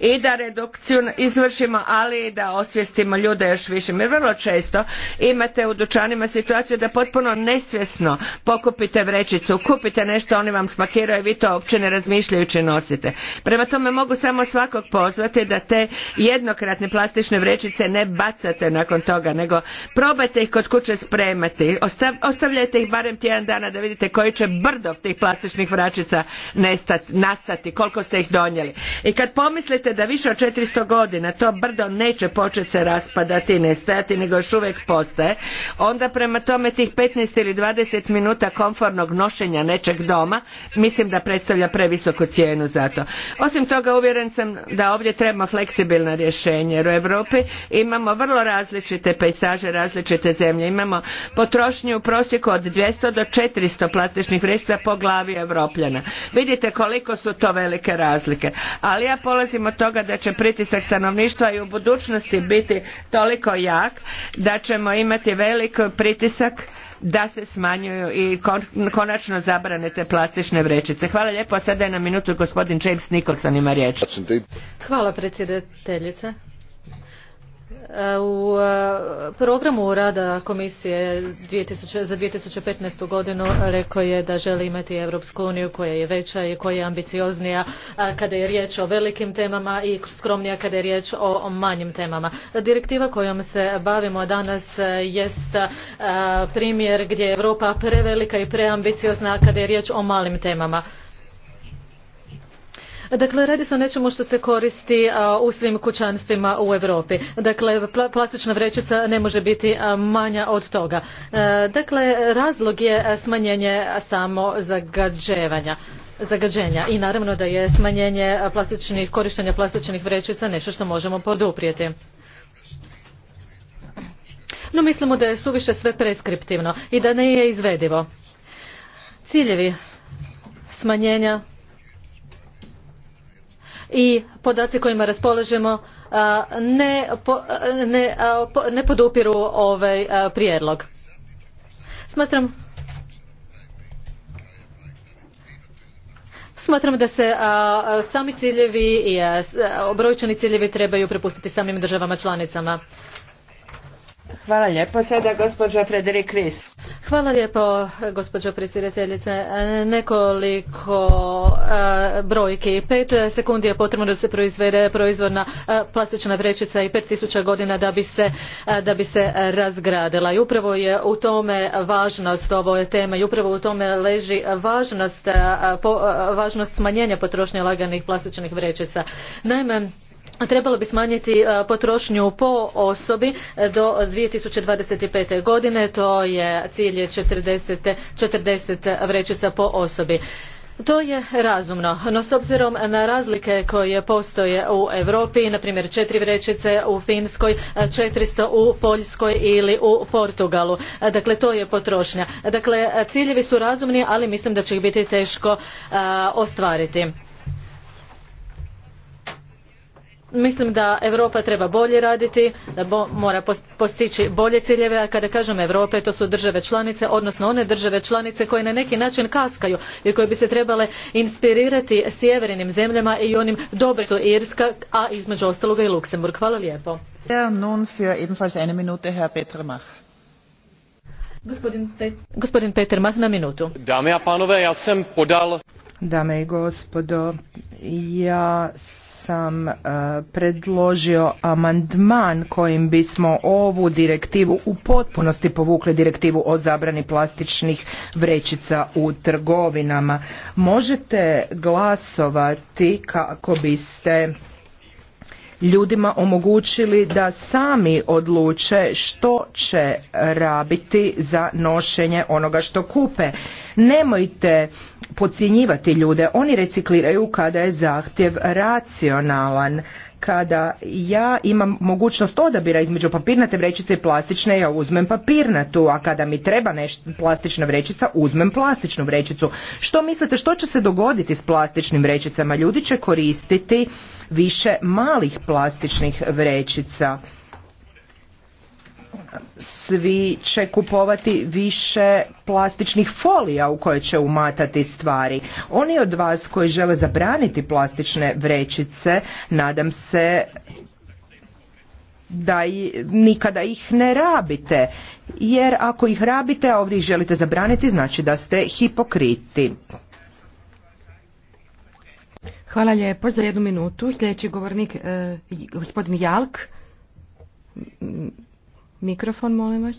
i da redukciju izvršimo ali i da osvijestimo ljude još više. Mi vrlo često imate u dućanima situaciju da potpuno nesvjesno pokupite vrećicu, kupite nešto, oni vam smakiraju i vi to uopće ne razmišljajući nosite. Prema tome mogu samo svakog pozvati da te jednokratne plastične vrećice ne bacate nakon toga, nego probajte ih kod kuće spremati. ostavljajte ih barem tjedan dana da vidite koji će brdo tih plastičnih vrećica nestati, nastati, koliko ste ih donijeli. I kad pomislite da više od 400 godina to brdo neće početi se raspadati i nestajati nego još uvijek postaje onda prema tome tih 15 ili 20 minuta konfornog nošenja nečeg doma mislim da predstavlja previsoku cijenu za to. Osim toga uvjeren sam da ovdje treba fleksibilna rješenja jer u Europi imamo vrlo različite pejsaže, različite zemlje. Imamo potrošnju u prosjeku od 200 do 400 plastičnih vrećica po glavi Evropljana. Vidite koliko su to velike razlike. Ali ja polazim od toga da će pritisak stanovništva i u budućnosti biti toliko jak da ćemo imati velik pritisak da se smanjuju i konačno zabrane plastične vrećice. Hvala lijepo, sada je na minutu gospodin James Nicholson ima riječ. Hvala predsjedateljice. E, u e, programu rada komisije za 2015. godinu rekao je da želi imati Europsku uniju koja je veća i koja je ambicioznija kada je riječ o velikim temama i skromnija kada je riječ o manjim temama. Direktiva kojom se bavimo danas e, jest primjer gdje je Europa prevelika i preambiciozna kada je riječ o malim temama. Dakle, radi se o nečemu što se koristi u svim kućanstvima u Europi. Dakle, plastična vrećica ne može biti manja od toga. E, dakle, razlog je smanjenje samo zagađevanja zagađenja i naravno da je smanjenje plastičnih, korištenja plastičnih vrećica nešto što možemo poduprijeti. No mislimo da je suviše sve preskriptivno i da ne je izvedivo. Ciljevi smanjenja i podaci kojima raspolažemo ne, podupiru ovaj prijedlog. Smatram Smatram da se sami ciljevi i brojčani ciljevi trebaju prepustiti samim državama članicama. Hvala lijepo. Sada gospođa Frederik Hvala lijepo gospođo predsjedateljice. Nekoliko e, brojki. Pet sekundi je potrebno da se proizvede proizvodna e, plastična vrećica i pet tisuća godina da bi, se, e, da bi se razgradila. I upravo je u tome važnost ove teme i upravo u tome leži važnost, važnost smanjenja potrošnje laganih plastičnih vrećica. Naime, trebalo bi smanjiti e, potrošnju po osobi e, do 2025. godine, to je cilj 40, vrećica po osobi. To je razumno, no s obzirom na razlike koje postoje u Europi, na primjer četiri vrećice u Finskoj, 400 u Poljskoj ili u Portugalu. Dakle, to je potrošnja. Dakle, ciljevi su razumni, ali mislim da će ih biti teško ostvariti mislim da europa treba bolje raditi da mora postići bolje ciljeve a kada kažem europe to su države članice odnosno one države članice koje na neki način kaskaju i koje bi se trebale inspirirati sjevernim zemljama i onim dobro su irska a između ostaloga i luksemburg. hvala lijepo. Gospodin, na minutu. ja Dame i gospodo, ja sam e, predložio amandman kojim bismo ovu direktivu u potpunosti povukli direktivu o zabrani plastičnih vrećica u trgovinama. Možete glasovati kako biste ljudima omogućili da sami odluče što će rabiti za nošenje onoga što kupe. Nemojte podcjenjivati ljude, oni recikliraju kada je zahtjev racionalan kada ja imam mogućnost odabira između papirnate vrećice i plastične, ja uzmem papirnatu, a kada mi treba nešto, plastična vrećica, uzmem plastičnu vrećicu. Što mislite, što će se dogoditi s plastičnim vrećicama? Ljudi će koristiti više malih plastičnih vrećica svi će kupovati više plastičnih folija u koje će umatati stvari. Oni od vas koji žele zabraniti plastične vrećice, nadam se da nikada ih ne rabite, jer ako ih rabite, a ovdje ih želite zabraniti, znači da ste hipokriti. Hvala lijepo za jednu minutu. Sljedeći govornik, e, gospodin Jalk. Mikrofon, molim vas.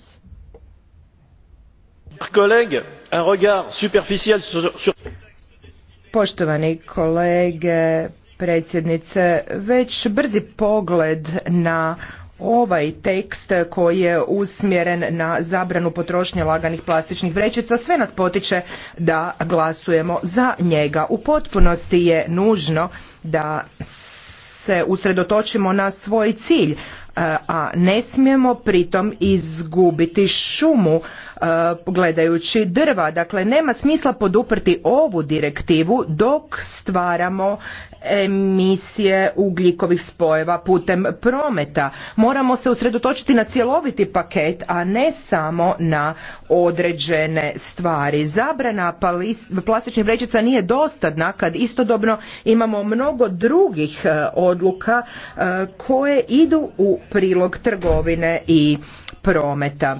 Poštovani kolege, predsjednice, već brzi pogled na ovaj tekst koji je usmjeren na zabranu potrošnje laganih plastičnih vrećica sve nas potiče da glasujemo za njega. U potpunosti je nužno da se usredotočimo na svoj cilj E, a ne smijemo pritom izgubiti šumu e, gledajući drva. Dakle, nema smisla poduprti ovu direktivu dok stvaramo emisije ugljikovih spojeva putem prometa. Moramo se usredotočiti na cjeloviti paket, a ne samo na određene stvari. Zabrana plastičnih vrećica nije dostatna kad istodobno imamo mnogo drugih e, odluka e, koje idu u prilog trgovine i prometa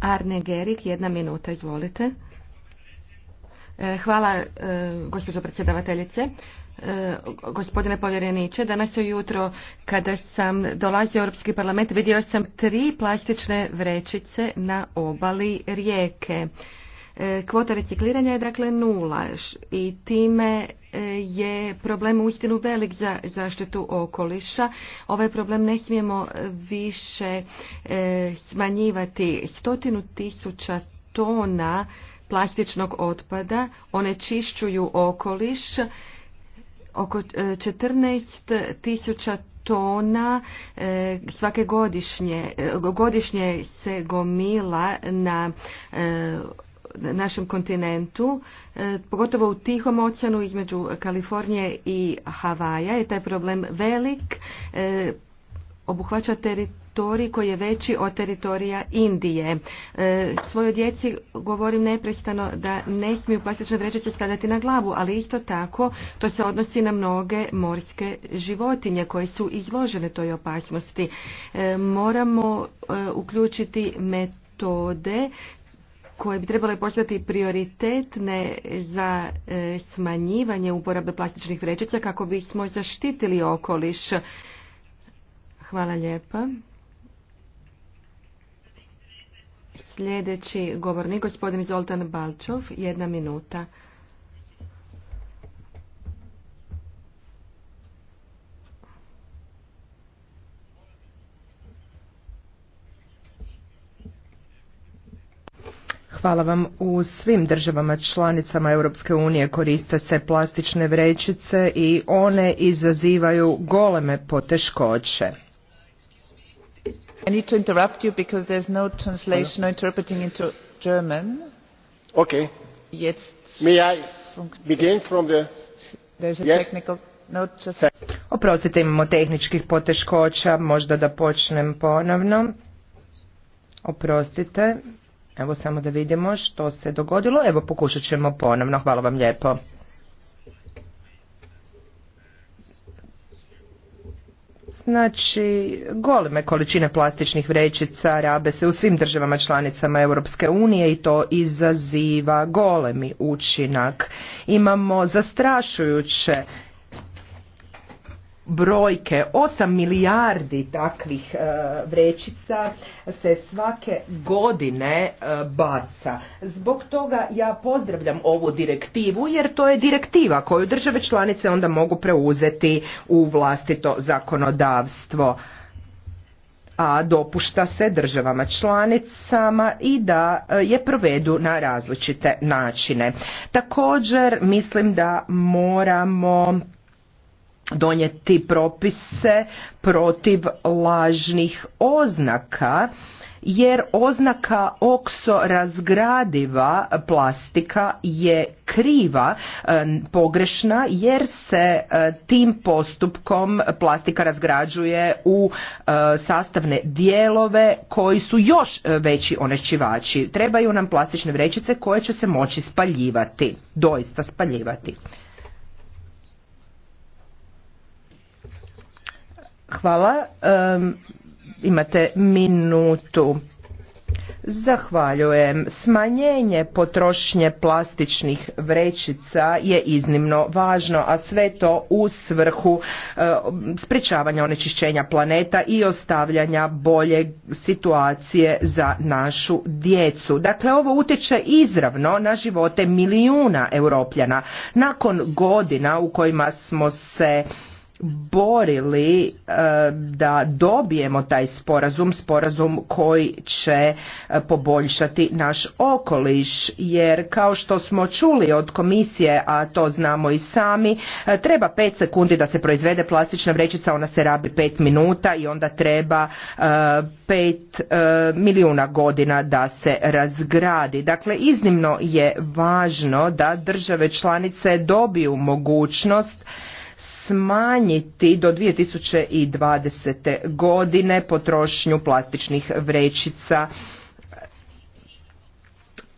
Arne Gerik, jedna minuta, izvolite. E, hvala, e, gospođo predsjedavateljice. E, gospodine povjereniče, danas ujutro kada sam dolazio u Europski parlament vidio sam tri plastične vrećice na obali rijeke. Kvota recikliranja je dakle nula i time E, je problem uistinu velik za zaštitu okoliša. Ovaj problem ne smijemo više e, smanjivati. Stotinu tisuća tona plastičnog otpada onečišćuju okoliš. Oko 14 e, tisuća tona svake godišnje, godišnje se gomila na našem kontinentu, e, pogotovo u Tihom oceanu između Kalifornije i Havaja je taj problem velik, e, obuhvaća teritorij koji je veći od teritorija Indije. E, svojoj djeci govorim neprestano da ne smiju plastične vrećice stavljati na glavu, ali isto tako to se odnosi na mnoge morske životinje koje su izložene toj opasnosti. Moramo uključiti metode koje bi trebale postati prioritetne za e, smanjivanje uporabe plastičnih vrećica kako bismo zaštitili okoliš. Hvala lijepa. Sljedeći govornik, gospodin Zoltan Balčov, jedna minuta. Hvala vam. U svim državama članicama Europske unije koriste se plastične vrećice i one izazivaju goleme poteškoće. I need to interrupt you because there's no translation or interpreting into German. Okay. Jetzt. May I begin from the... There's a yes. technical... No, just... Oprostite, imamo tehničkih poteškoća, možda da počnem ponovno. Oprostite. Evo samo da vidimo što se dogodilo. Evo pokušat ćemo ponovno. Hvala vam lijepo. Znači, goleme količine plastičnih vrećica rabe se u svim državama članicama Europske unije i to izaziva golemi učinak. Imamo zastrašujuće brojke 8 milijardi takvih e, vrećica se svake godine e, baca zbog toga ja pozdravljam ovu direktivu jer to je direktiva koju države članice onda mogu preuzeti u vlastito zakonodavstvo a dopušta se državama članicama i da e, je provedu na različite načine. Također mislim da moramo donijeti propise protiv lažnih oznaka jer oznaka okso plastika je kriva, e, pogrešna jer se e, tim postupkom plastika razgrađuje u e, sastavne dijelove koji su još veći onečivači. Trebaju nam plastične vrećice koje će se moći spaljivati, doista spaljivati. Hvala. imate minutu. Zahvaljujem. Smanjenje potrošnje plastičnih vrećica je iznimno važno, a sve to u svrhu e, onečišćenja planeta i ostavljanja bolje situacije za našu djecu. Dakle, ovo utječe izravno na živote milijuna europljana. Nakon godina u kojima smo se borili e, da dobijemo taj sporazum, sporazum koji će e, poboljšati naš okoliš, jer kao što smo čuli od komisije, a to znamo i sami, e, treba pet sekundi da se proizvede plastična vrećica, ona se rabi pet minuta i onda treba pet milijuna godina da se razgradi. Dakle, iznimno je važno da države članice dobiju mogućnost smanjiti do 2020. godine potrošnju plastičnih vrećica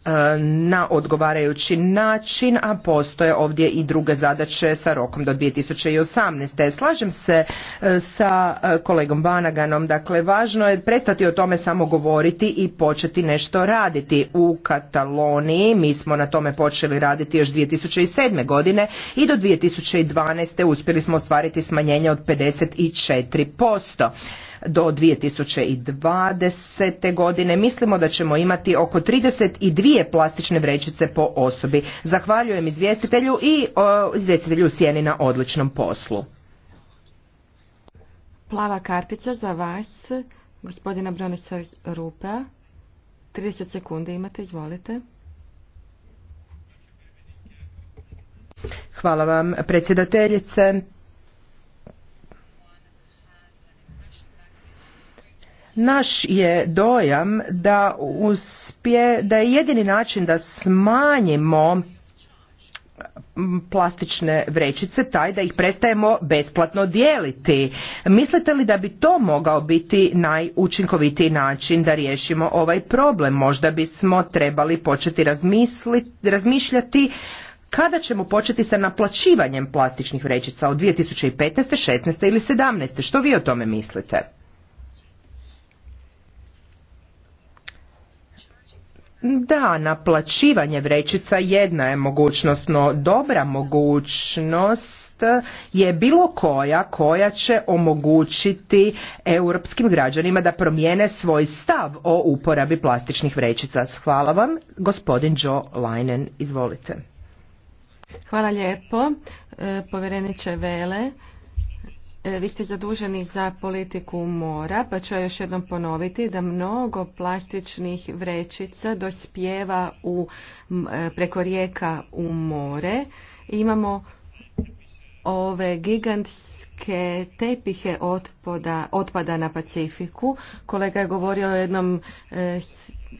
E, na odgovarajući način, a postoje ovdje i druge zadaće sa rokom do 2018. Slažem se e, sa e, kolegom Banaganom, dakle važno je prestati o tome samo govoriti i početi nešto raditi. U Kataloniji mi smo na tome počeli raditi još 2007. godine i do 2012. uspjeli smo ostvariti smanjenje od 54% do 2020. godine. Mislimo da ćemo imati oko 32 plastične vrećice po osobi. Zahvaljujem izvjestitelju i o, izvjestitelju Sjeni na odličnom poslu. Plava kartica za vas, gospodina Bronisa Rupa. 30 sekundi imate, izvolite. Hvala vam, predsjedateljice. naš je dojam da uspje da je jedini način da smanjimo plastične vrećice taj da ih prestajemo besplatno dijeliti. Mislite li da bi to mogao biti najučinkovitiji način da riješimo ovaj problem? Možda bismo trebali početi razmišljati kada ćemo početi sa naplaćivanjem plastičnih vrećica od 2015. 16. ili 17. Što vi o tome mislite? Da, naplaćivanje vrećica jedna je mogućnost, no dobra mogućnost je bilo koja koja će omogućiti europskim građanima da promijene svoj stav o uporabi plastičnih vrećica. Hvala vam, gospodin Joe Leinen, izvolite. Hvala lijepo, e, povjereniče Vele. E, vi ste zaduženi za politiku mora, pa ću još jednom ponoviti da mnogo plastičnih vrećica dospjeva u, e, preko rijeka u more. Imamo ove gigantske tepihe otpada, otpada na Pacifiku. Kolega je govorio o jednom e,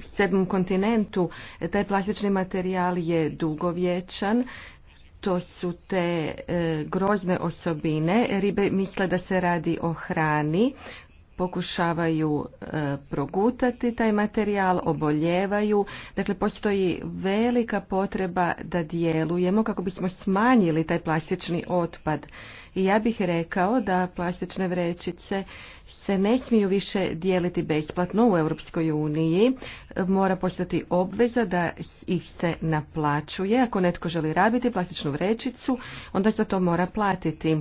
sedmom kontinentu. Taj plastični materijal je dugovječan to su te e, grozne osobine. Ribe misle da se radi o hrani, pokušavaju e, progutati taj materijal, oboljevaju. Dakle, postoji velika potreba da djelujemo kako bismo smanjili taj plastični otpad. I ja bih rekao da plastične vrećice se ne smiju više dijeliti besplatno u Europskoj uniji. Mora postati obveza da ih se naplaćuje. Ako netko želi rabiti plastičnu vrećicu, onda se to mora platiti.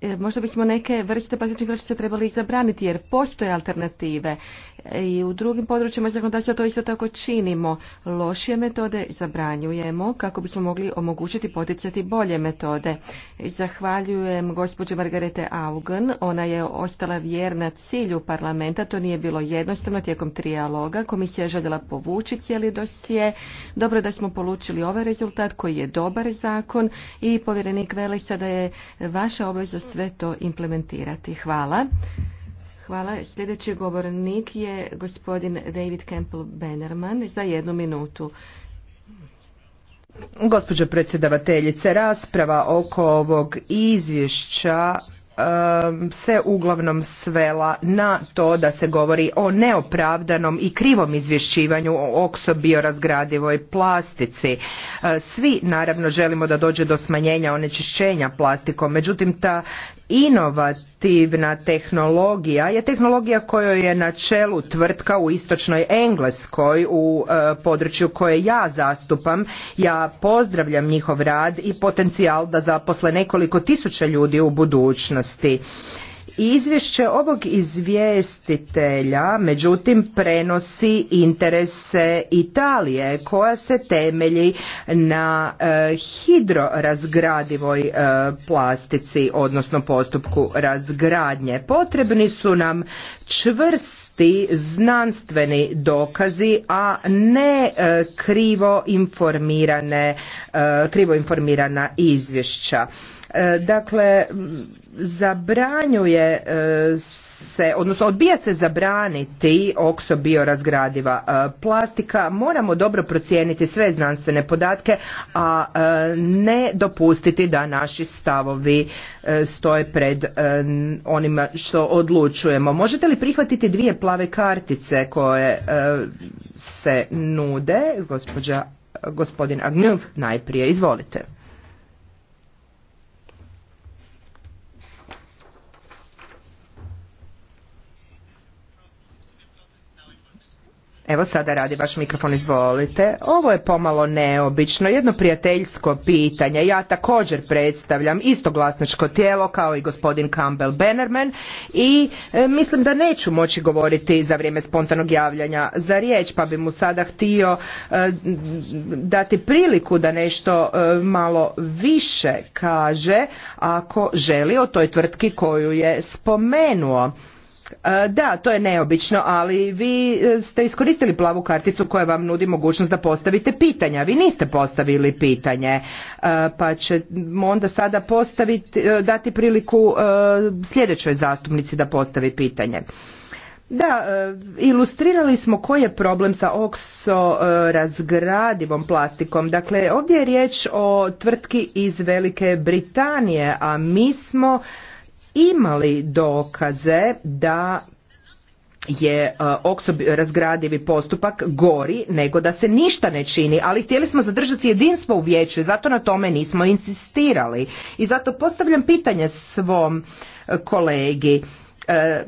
E, možda bismo neke vrste plastičnih vrećica trebali zabraniti jer postoje alternative i u drugim područjima zakonodavstva to isto tako činimo. Lošije metode zabranjujemo kako bismo mogli omogućiti poticati bolje metode. Zahvaljujem gospođe Margarete Augen. Ona je ostala vjerna cilju parlamenta. To nije bilo jednostavno tijekom trijaloga. Komisija je željela povući cijeli dosje. Dobro da smo polučili ovaj rezultat koji je dobar zakon i povjerenik veli da je vaša obveza sve to implementirati. Hvala. Hvala. Sljedeći govornik je gospodin David Campbell Bannerman za jednu minutu. Gospođo predsjedavateljice, rasprava oko ovog izvješća um, se uglavnom svela na to da se govori o neopravdanom i krivom izvješćivanju o oksobiorazgradivoj plastici. Uh, svi naravno želimo da dođe do smanjenja onečišćenja plastikom, međutim ta Inovativna tehnologija je tehnologija kojoj je na čelu tvrtka u istočnoj Engleskoj u e, području koje ja zastupam. Ja pozdravljam njihov rad i potencijal da zaposle nekoliko tisuća ljudi u budućnosti. Izvješće ovog izvjestitelja, međutim, prenosi interese Italije koja se temelji na e, hidrorazgradivoj e, plastici, odnosno postupku razgradnje. Potrebni su nam čvrsti znanstveni dokazi, a ne e, krivo informirane, krivo informirana izvješća. Dakle, zabranjuje e, se, odnosno odbija se zabraniti okso biorazgradiva e, plastika, moramo dobro procijeniti sve znanstvene podatke, a e, ne dopustiti da naši stavovi stoje pred onima što odlučujemo. Možete li prihvatiti dvije plave kartice koje se nude, gospodin Agnjuv najprije, izvolite. Evo sada radi vaš mikrofon, izvolite. Ovo je pomalo neobično, jedno prijateljsko pitanje. Ja također predstavljam isto glasničko tijelo kao i gospodin Campbell Bannerman i e, mislim da neću moći govoriti za vrijeme spontanog javljanja za riječ, pa bi mu sada htio e, dati priliku da nešto e, malo više kaže ako želi o toj tvrtki koju je spomenuo. E, da, to je neobično, ali vi e, ste iskoristili plavu karticu koja vam nudi mogućnost da postavite pitanja. Vi niste postavili pitanje, e, pa ćemo onda sada postaviti, dati priliku sljedećoj zastupnici da postavi pitanje. Da, ilustrirali smo koji je problem sa okso razgradivom plastikom. Dakle, ovdje je riječ o tvrtki iz Velike Britanije, a mi smo imali dokaze da je e, oksob razgradivi postupak gori nego da se ništa ne čini, ali htjeli smo zadržati jedinstvo u vijeću i zato na tome nismo insistirali. I zato postavljam pitanje svom kolegi E,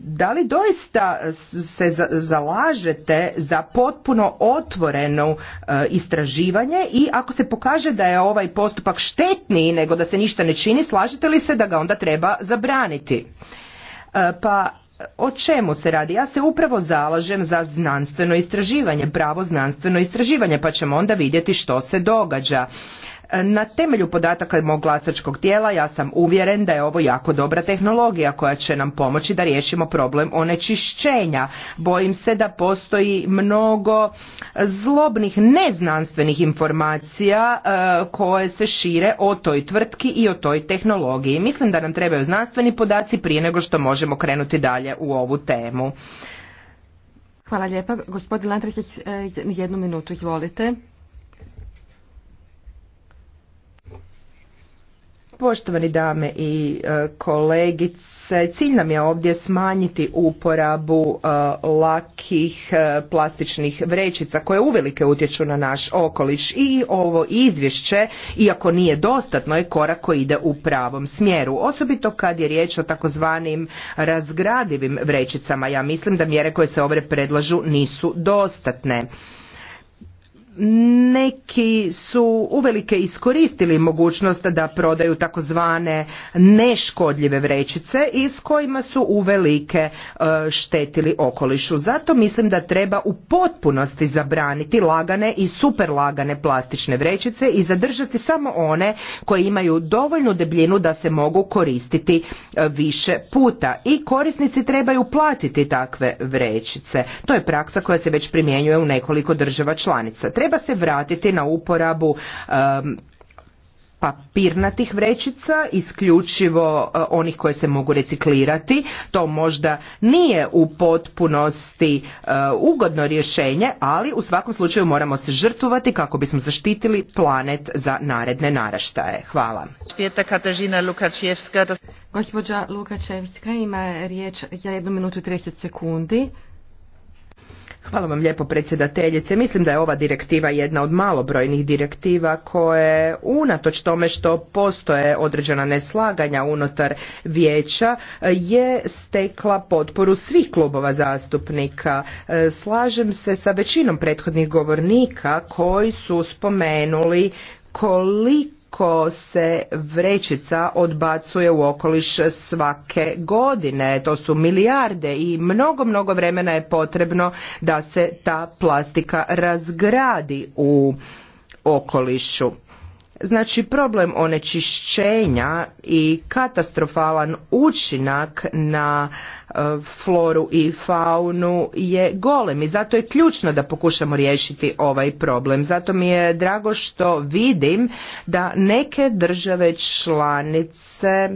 da li doista se zalažete za potpuno otvoreno e, istraživanje i ako se pokaže da je ovaj postupak štetniji nego da se ništa ne čini, slažete li se da ga onda treba zabraniti? E, pa o čemu se radi? Ja se upravo zalažem za znanstveno istraživanje, pravo znanstveno istraživanje, pa ćemo onda vidjeti što se događa. Na temelju podataka mog glasačkog tijela ja sam uvjeren da je ovo jako dobra tehnologija koja će nam pomoći da riješimo problem onečišćenja. Bojim se da postoji mnogo zlobnih neznanstvenih informacija e, koje se šire o toj tvrtki i o toj tehnologiji. Mislim da nam trebaju znanstveni podaci prije nego što možemo krenuti dalje u ovu temu. Hvala lijepa. Gospodin Landrić, e, jednu minutu, izvolite. Poštovani dame i e, kolegice, cilj nam je ovdje smanjiti uporabu e, lakih e, plastičnih vrećica koje uvelike utječu na naš okoliš i ovo izvješće, iako nije dostatno, je korak koji ide u pravom smjeru. Osobito kad je riječ o takozvanim razgradivim vrećicama. Ja mislim da mjere koje se ovdje predlažu nisu dostatne neki su uvelike iskoristili mogućnost da prodaju takozvane neškodljive vrećice i s kojima su uvelike e, štetili okolišu. Zato mislim da treba u potpunosti zabraniti lagane i super lagane plastične vrećice i zadržati samo one koje imaju dovoljnu debljinu da se mogu koristiti e, više puta i korisnici trebaju platiti takve vrećice. To je praksa koja se već primjenjuje u nekoliko država članica. Treba se vratiti na uporabu papirnatih vrećica, isključivo e, onih koje se mogu reciklirati. To možda nije u potpunosti e, ugodno rješenje, ali u svakom slučaju moramo se žrtvovati kako bismo zaštitili planet za naredne naraštaje. Hvala. Katažina Lukačevska. Gospođa Lukačevska ima riječ za jednu minutu i 30 sekundi. Hvala vam lijepo predsjedateljice. Mislim da je ova direktiva jedna od malobrojnih direktiva koje unatoč tome što postoje određena neslaganja unutar vijeća je stekla potporu svih klubova zastupnika. E, slažem se sa većinom prethodnih govornika koji su spomenuli koliko ko se vrećica odbacuje u okoliš svake godine. To su milijarde i mnogo, mnogo vremena je potrebno da se ta plastika razgradi u okolišu. Znači problem onečišćenja i katastrofalan učinak na e, floru i faunu je golem i zato je ključno da pokušamo riješiti ovaj problem. Zato mi je drago što vidim da neke države članice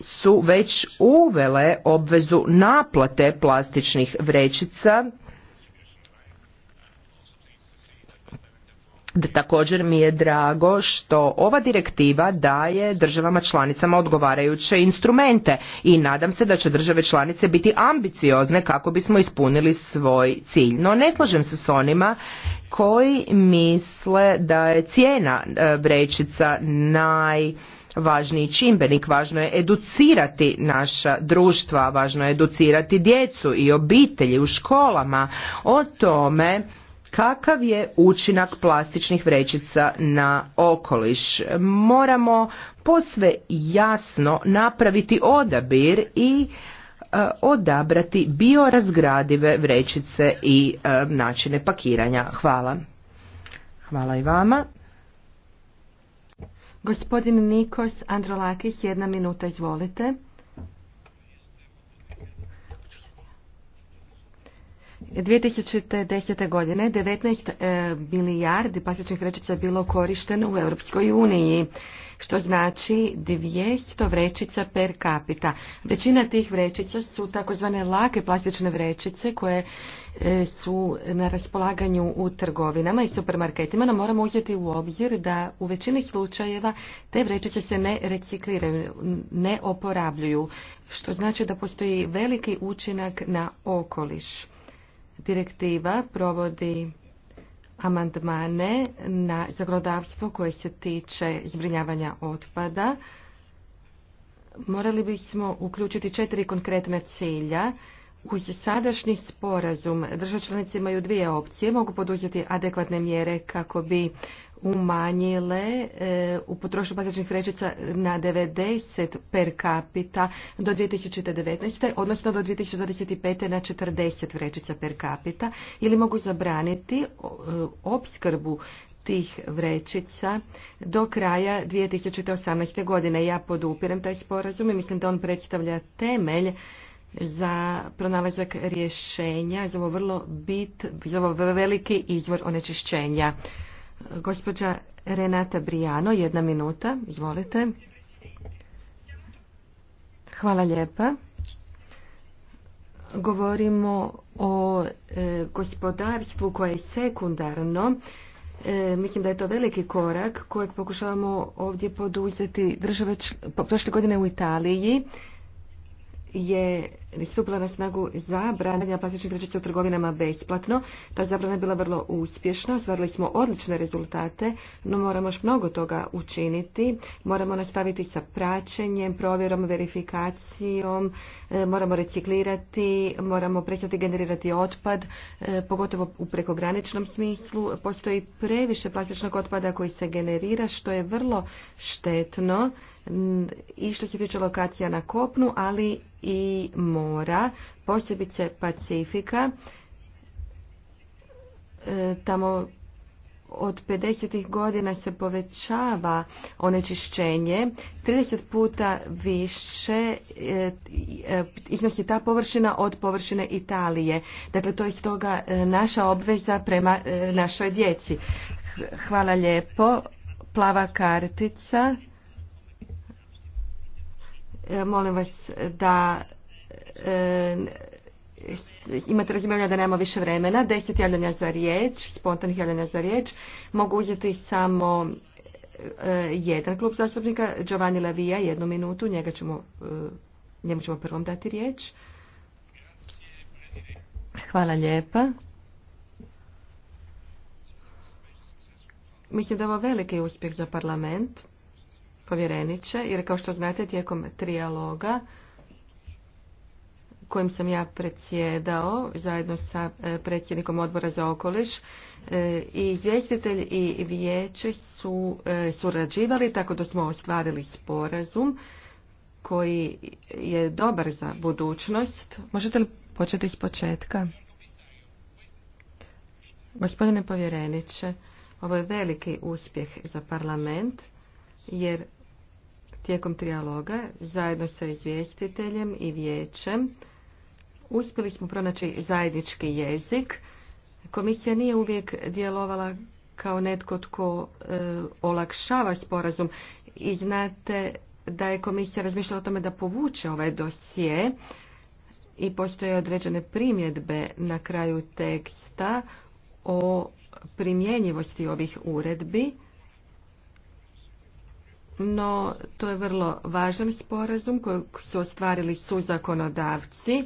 su već uvele obvezu naplate plastičnih vrećica Također mi je drago što ova direktiva daje državama članicama odgovarajuće instrumente i nadam se da će države članice biti ambiciozne kako bismo ispunili svoj cilj. No ne slažem se s onima koji misle da je cijena e, vrećica naj važniji čimbenik, važno je educirati naša društva, važno je educirati djecu i obitelji u školama o tome Kakav je učinak plastičnih vrećica na okoliš? Moramo posve jasno napraviti odabir i e, odabrati biorazgradive vrećice i e, načine pakiranja. Hvala. Hvala i vama. Gospodin Nikos Androlakis, jedna minuta, izvolite. 2010. godine 19 e, milijardi plastičnih vrećica je bilo korišteno u Europskoj uniji, što znači 200 vrećica per capita. Većina tih vrećica su takozvane lake plastične vrećice koje e, su na raspolaganju u trgovinama i supermarketima, no moramo uzeti u obzir da u većini slučajeva te vrećice se ne recikliraju, ne oporabljuju, što znači da postoji veliki učinak na okoliš direktiva provodi amandmane na zakonodavstvo koje se tiče zbrinjavanja otpada. Morali bismo uključiti četiri konkretna cilja. Uz sadašnji sporazum države članice imaju dvije opcije. Mogu poduzeti adekvatne mjere kako bi umanjile e, u potrošnju plastičnih vrećica na 90 per capita do 2019. odnosno do 2025. na 40 vrećica per capita ili mogu zabraniti e, opskrbu tih vrećica do kraja 2018. godine. Ja podupirem taj sporazum i mislim da on predstavlja temelj za pronalazak rješenja za ovo vrlo bit, za ovo veliki izvor onečišćenja. Gospođa Renata Brijano, jedna minuta, izvolite. Hvala lijepa. Govorimo o e, gospodarstvu koje je sekundarno. E, mislim da je to veliki korak kojeg pokušavamo ovdje poduzeti. Države, prošle godine u Italiji je stupila na snagu zabrana plastičnih vrećica u trgovinama besplatno. Ta zabrana je bila vrlo uspješna, ostvarili smo odlične rezultate, no moramo još mnogo toga učiniti. Moramo nastaviti sa praćenjem, provjerom, verifikacijom, e, moramo reciklirati, moramo prestati generirati otpad, e, pogotovo u prekograničnom smislu. Postoji previše plastičnog otpada koji se generira, što je vrlo štetno i što se tiče lokacija na kopnu, ali i mora, posebice Pacifika. E, tamo od 50. godina se povećava onečišćenje, 30 puta više e, e, iznosi ta površina od površine Italije. Dakle, to je stoga naša obveza prema našoj djeci. Hvala lijepo. Plava kartica. Molim vas da E, imate razumijevanja da nema više vremena, deset javljanja za riječ, spontanih javljanja za riječ, mogu uzeti samo e, jedan klub zastupnika, Giovanni Lavija, jednu minutu, njega ćemo, e, njemu ćemo prvom dati riječ. Hvala lijepa. Mislim da je ovo veliki uspjeh za parlament, povjereniče, jer kao što znate tijekom trijaloga kojim sam ja predsjedao zajedno sa e, predsjednikom odbora za okoliš e, i izvjestitelj i vijeće su e, surađivali tako da smo ostvarili sporazum koji je dobar za budućnost. Možete li početi iz početka? Gospodine povjereniče, ovo je veliki uspjeh za parlament jer tijekom trijaloga zajedno sa izvjestiteljem i vijećem Uspjeli smo pronaći zajednički jezik. Komisija nije uvijek djelovala kao netko tko e, olakšava sporazum i znate da je komisija razmišljala o tome da povuče ovaj dosje i postoje određene primjedbe na kraju teksta o primjenjivosti ovih uredbi. No, to je vrlo važan sporazum kojeg su ostvarili suzakonodavci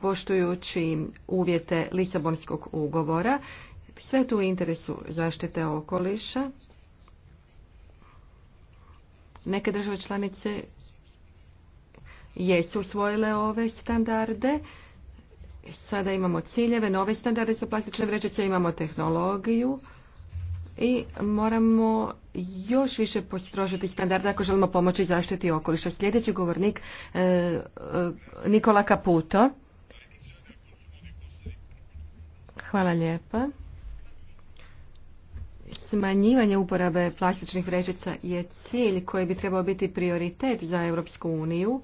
poštujući uvjete Lisabonskog ugovora. Sve tu u interesu zaštite okoliša. Neke države članice jesu usvojile ove standarde. Sada imamo ciljeve, nove standarde za plastične vrećice, imamo tehnologiju i moramo još više postrožiti standarde ako želimo pomoći zaštiti okoliša. Sljedeći govornik e, e, Nikola Caputo. Hvala lijepa. Smanjivanje uporabe plastičnih vrećica je cilj koji bi trebao biti prioritet za Europsku uniju.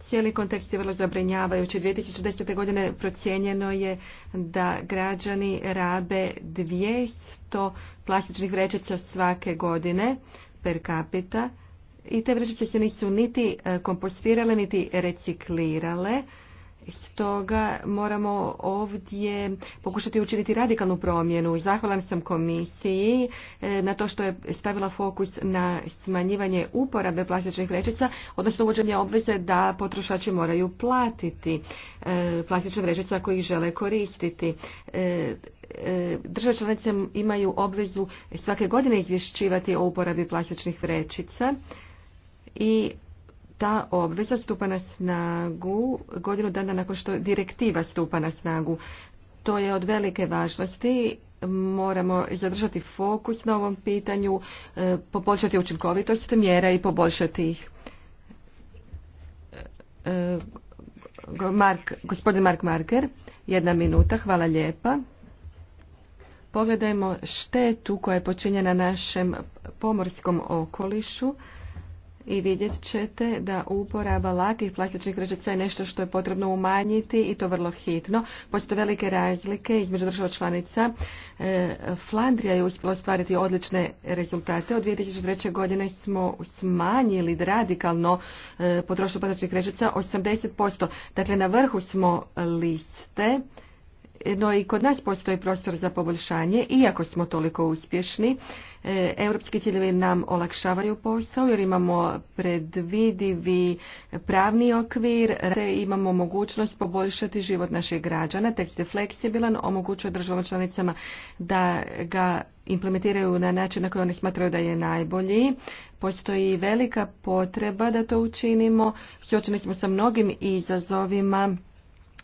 Cijeli kontekst je vrlo zabrinjavajući. 2010. godine procijenjeno je da građani rabe 200 plastičnih vrećica svake godine per capita i te vrećice se nisu niti e, kompostirale niti reciklirale. Stoga moramo ovdje pokušati učiniti radikalnu promjenu. Zahvalan sam komisiji e, na to što je stavila fokus na smanjivanje uporabe plastičnih vrećica, odnosno uvođenje obveze da potrošači moraju platiti e, plastične vrećice ako ih žele koristiti. E, države članice imaju obvezu svake godine izvješćivati o uporabi plastičnih vrećica i ta obveza stupa na snagu godinu dana nakon što direktiva stupa na snagu. To je od velike važnosti. Moramo zadržati fokus na ovom pitanju, e, poboljšati učinkovitost mjera i poboljšati ih. E, Mark, gospodin Mark Marker, jedna minuta, hvala lijepa. Pogledajmo štetu koja je počinjena našem pomorskom okolišu i vidjet ćete da uporaba lakih plastičnih vrećica je nešto što je potrebno umanjiti i to vrlo hitno. Postoje velike razlike između država članica. E, Flandrija je uspjela ostvariti odlične rezultate. Od 2003. godine smo smanjili radikalno e, potrošnju plastičnih vrećica 80%. Dakle, na vrhu smo liste no i kod nas postoji prostor za poboljšanje, iako smo toliko uspješni. E, europski ciljevi nam olakšavaju posao jer imamo predvidivi pravni okvir, te imamo mogućnost poboljšati život naših građana. Tekst je fleksibilan, omogućuje državama članicama da ga implementiraju na način na koji oni smatraju da je najbolji. Postoji velika potreba da to učinimo. Suočeni smo sa mnogim izazovima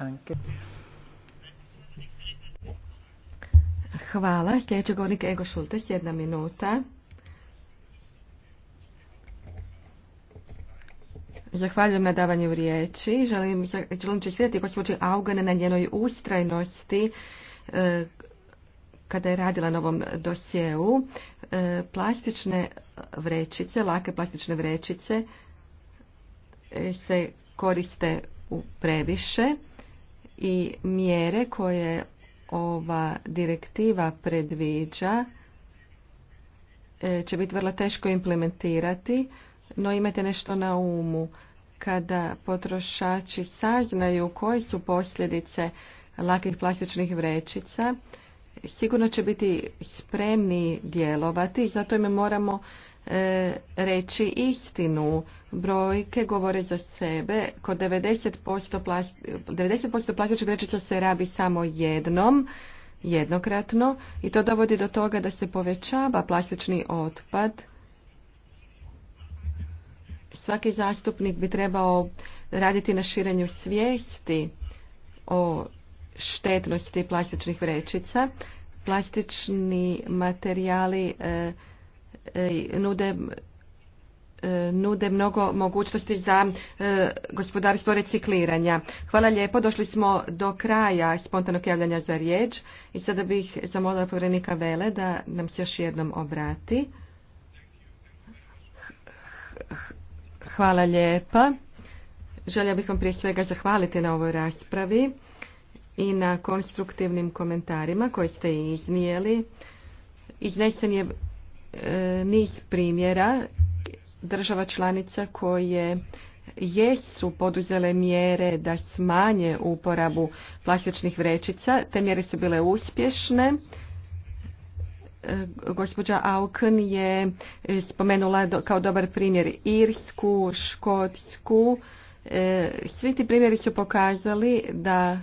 Danke. Hvala. Sljedeći govornik Ego Šultes, jedna minuta. Zahvaljujem na davanju riječi. Želim, želim čestitati gospođi Augane na njenoj ustrajnosti e, kada je radila na ovom dosjeu. E, plastične vrećice, lake plastične vrećice e, se koriste u previše i mjere koje ova direktiva predviđa e, će biti vrlo teško implementirati, no imajte nešto na umu. Kada potrošači saznaju koje su posljedice lakih plastičnih vrećica, sigurno će biti spremni djelovati, zato im moramo E, reći istinu. Brojke govore za sebe. Kod 90% plastičnih 90 plastičnih vrećica se rabi samo jednom, jednokratno i to dovodi do toga da se povećava plastični otpad. Svaki zastupnik bi trebao raditi na širenju svijesti o štetnosti plastičnih vrećica. Plastični materijali e, E, nude e, nude mnogo mogućnosti za e, gospodarstvo recikliranja. Hvala lijepo, došli smo do kraja spontanog javljanja za riječ i sada bih zamolila povjerenika Vele da nam se još jednom obrati. Hvala lijepa. Želio bih vam prije svega zahvaliti na ovoj raspravi i na konstruktivnim komentarima koje ste iznijeli. Iznesen je niz primjera država članica koje jesu poduzele mjere da smanje uporabu plastičnih vrećica. Te mjere su bile uspješne. E, gospođa Auken je spomenula kao dobar primjer Irsku, Škotsku. E, svi ti primjeri su pokazali da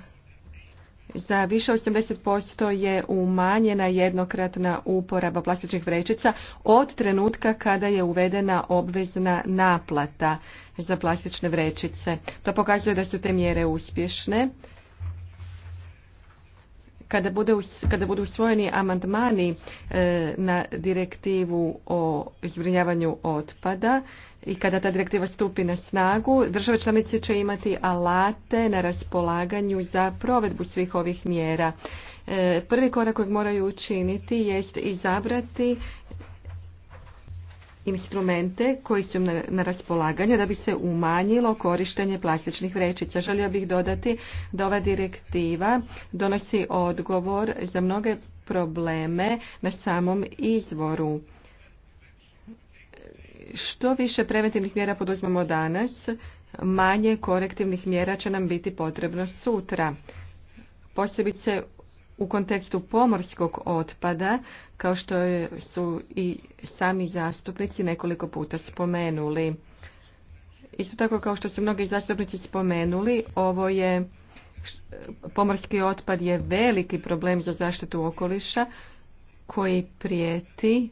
za više 80% je umanjena jednokratna uporaba plastičnih vrećica od trenutka kada je uvedena obvezna naplata za plastične vrećice. To pokazuje da su te mjere uspješne. Kada, bude, kada budu usvojeni amandmani e, na direktivu o zbrinjavanju otpada i kada ta direktiva stupi na snagu, države članice će imati alate na raspolaganju za provedbu svih ovih mjera. E, prvi korak kojeg moraju učiniti jest izabrati instrumente koji su na, na raspolaganju da bi se umanjilo korištenje plastičnih vrećica. Želio bih dodati da ova direktiva donosi odgovor za mnoge probleme na samom izvoru. Što više preventivnih mjera poduzmemo danas, manje korektivnih mjera će nam biti potrebno sutra. Posebice u kontekstu pomorskog otpada, kao što su i sami zastupnici nekoliko puta spomenuli. Isto tako kao što su mnogi zastupnici spomenuli, ovo je pomorski otpad je veliki problem za zaštitu okoliša koji prijeti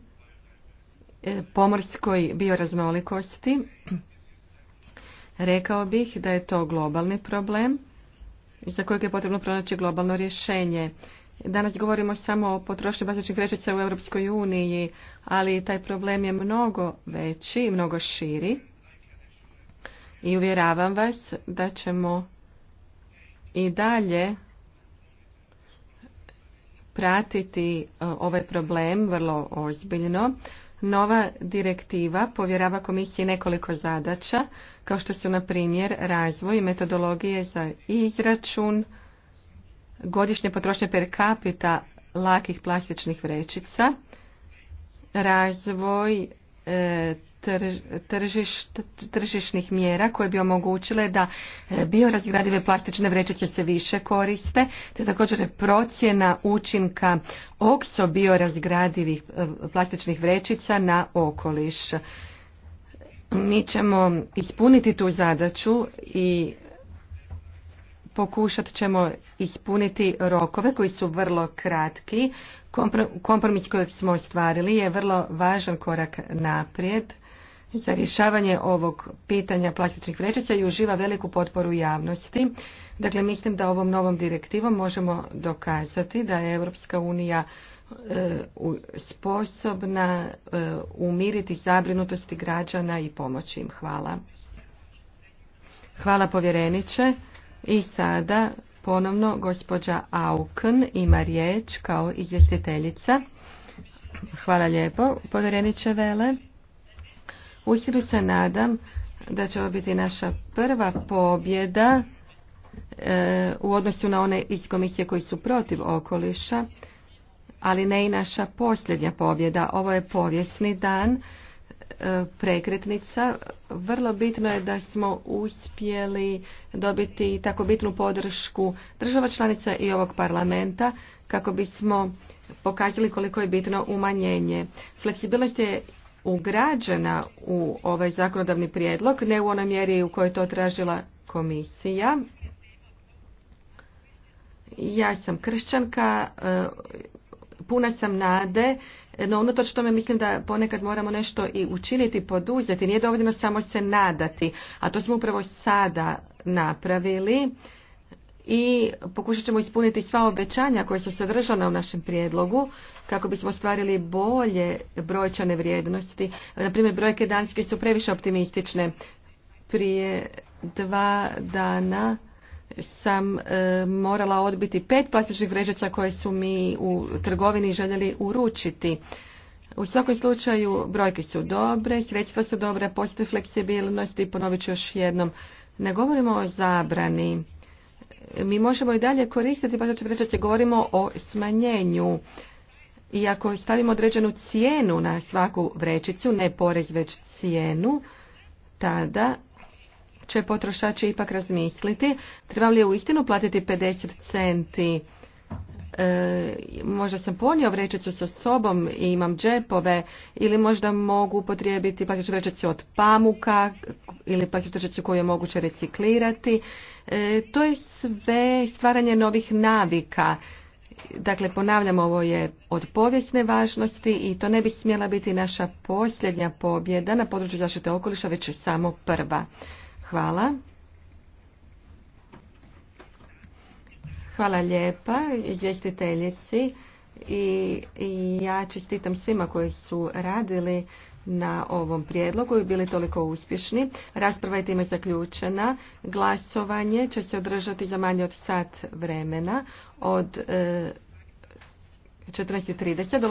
e, pomorskoj bioraznolikosti. Rekao bih da je to globalni problem za kojeg je potrebno pronaći globalno rješenje. Danas govorimo samo o potrošnji plastičnih vrećica u Europskoj uniji, ali taj problem je mnogo veći i mnogo širi. I uvjeravam vas da ćemo i dalje pratiti e, ovaj problem vrlo ozbiljno. Nova direktiva povjerava komisiji nekoliko zadaća, kao što su na primjer razvoj metodologije za izračun, godišnje potrošnje per capita lakih plastičnih vrećica, razvoj e, tržišnih mjera koje bi omogućile da e, biorazgradive plastične vrećice se više koriste, te također procjena učinka okso biorazgradivih e, plastičnih vrećica na okoliš. Mi ćemo ispuniti tu zadaću i pokušat ćemo ispuniti rokove koji su vrlo kratki. Kompromis kojeg smo ostvarili je vrlo važan korak naprijed za rješavanje ovog pitanja plastičnih vrećica i uživa veliku potporu javnosti. Dakle, mislim da ovom novom direktivom možemo dokazati da je Europska unija e, sposobna e, umiriti zabrinutosti građana i pomoći im. Hvala. Hvala povjereniče. I sada ponovno gospođa Auken ima riječ kao izvjestiteljica. Hvala lijepo povjereniče Vele. Uistinu se nadam da će ovo biti naša prva pobjeda e, u odnosu na one iz komisije koji su protiv okoliša, ali ne i naša posljednja pobjeda. Ovo je povijesni dan, e, prekretnica. Vrlo bitno je da smo uspjeli dobiti tako bitnu podršku država članica i ovog parlamenta kako bismo pokazali koliko je bitno umanjenje. Fleksibilnost je ugrađena u ovaj zakonodavni prijedlog, ne u onoj mjeri u kojoj to tražila komisija. Ja sam kršćanka, e, puna sam nade, no unatoč tome mislim da ponekad moramo nešto i učiniti, poduzeti. Nije dovoljno samo se nadati, a to smo upravo sada napravili i pokušat ćemo ispuniti sva obećanja koja su sadržana u našem prijedlogu kako bismo ostvarili bolje brojčane vrijednosti. Na primjer, brojke danske su previše optimistične. Prije dva dana sam e, morala odbiti pet plastičnih vrežica koje su mi u trgovini željeli uručiti. U svakom slučaju brojke su dobre, sredstva su dobre, postoji fleksibilnost i ponovit ću još jednom. Ne govorimo o zabrani mi možemo i dalje koristiti baš pa reći govorimo o smanjenju i ako stavimo određenu cijenu na svaku vrećicu, ne porez već cijenu, tada će potrošači ipak razmisliti treba li uistinu platiti 50 centi E, možda sam ponio vrećicu sa sobom i imam džepove ili možda mogu upotrijebiti plastičnu vrećicu od pamuka ili plastičnu vrećicu koju je moguće reciklirati. E, to je sve stvaranje novih navika. Dakle, ponavljam, ovo je od povijesne važnosti i to ne bi smjela biti naša posljednja pobjeda na području zaštite okoliša, već samo prva. Hvala. Hvala lijepa izvjestiteljici i, ja čestitam svima koji su radili na ovom prijedlogu i bili toliko uspješni. Rasprava je time zaključena. Glasovanje će se održati za manje od sat vremena od e, eh, 14.30.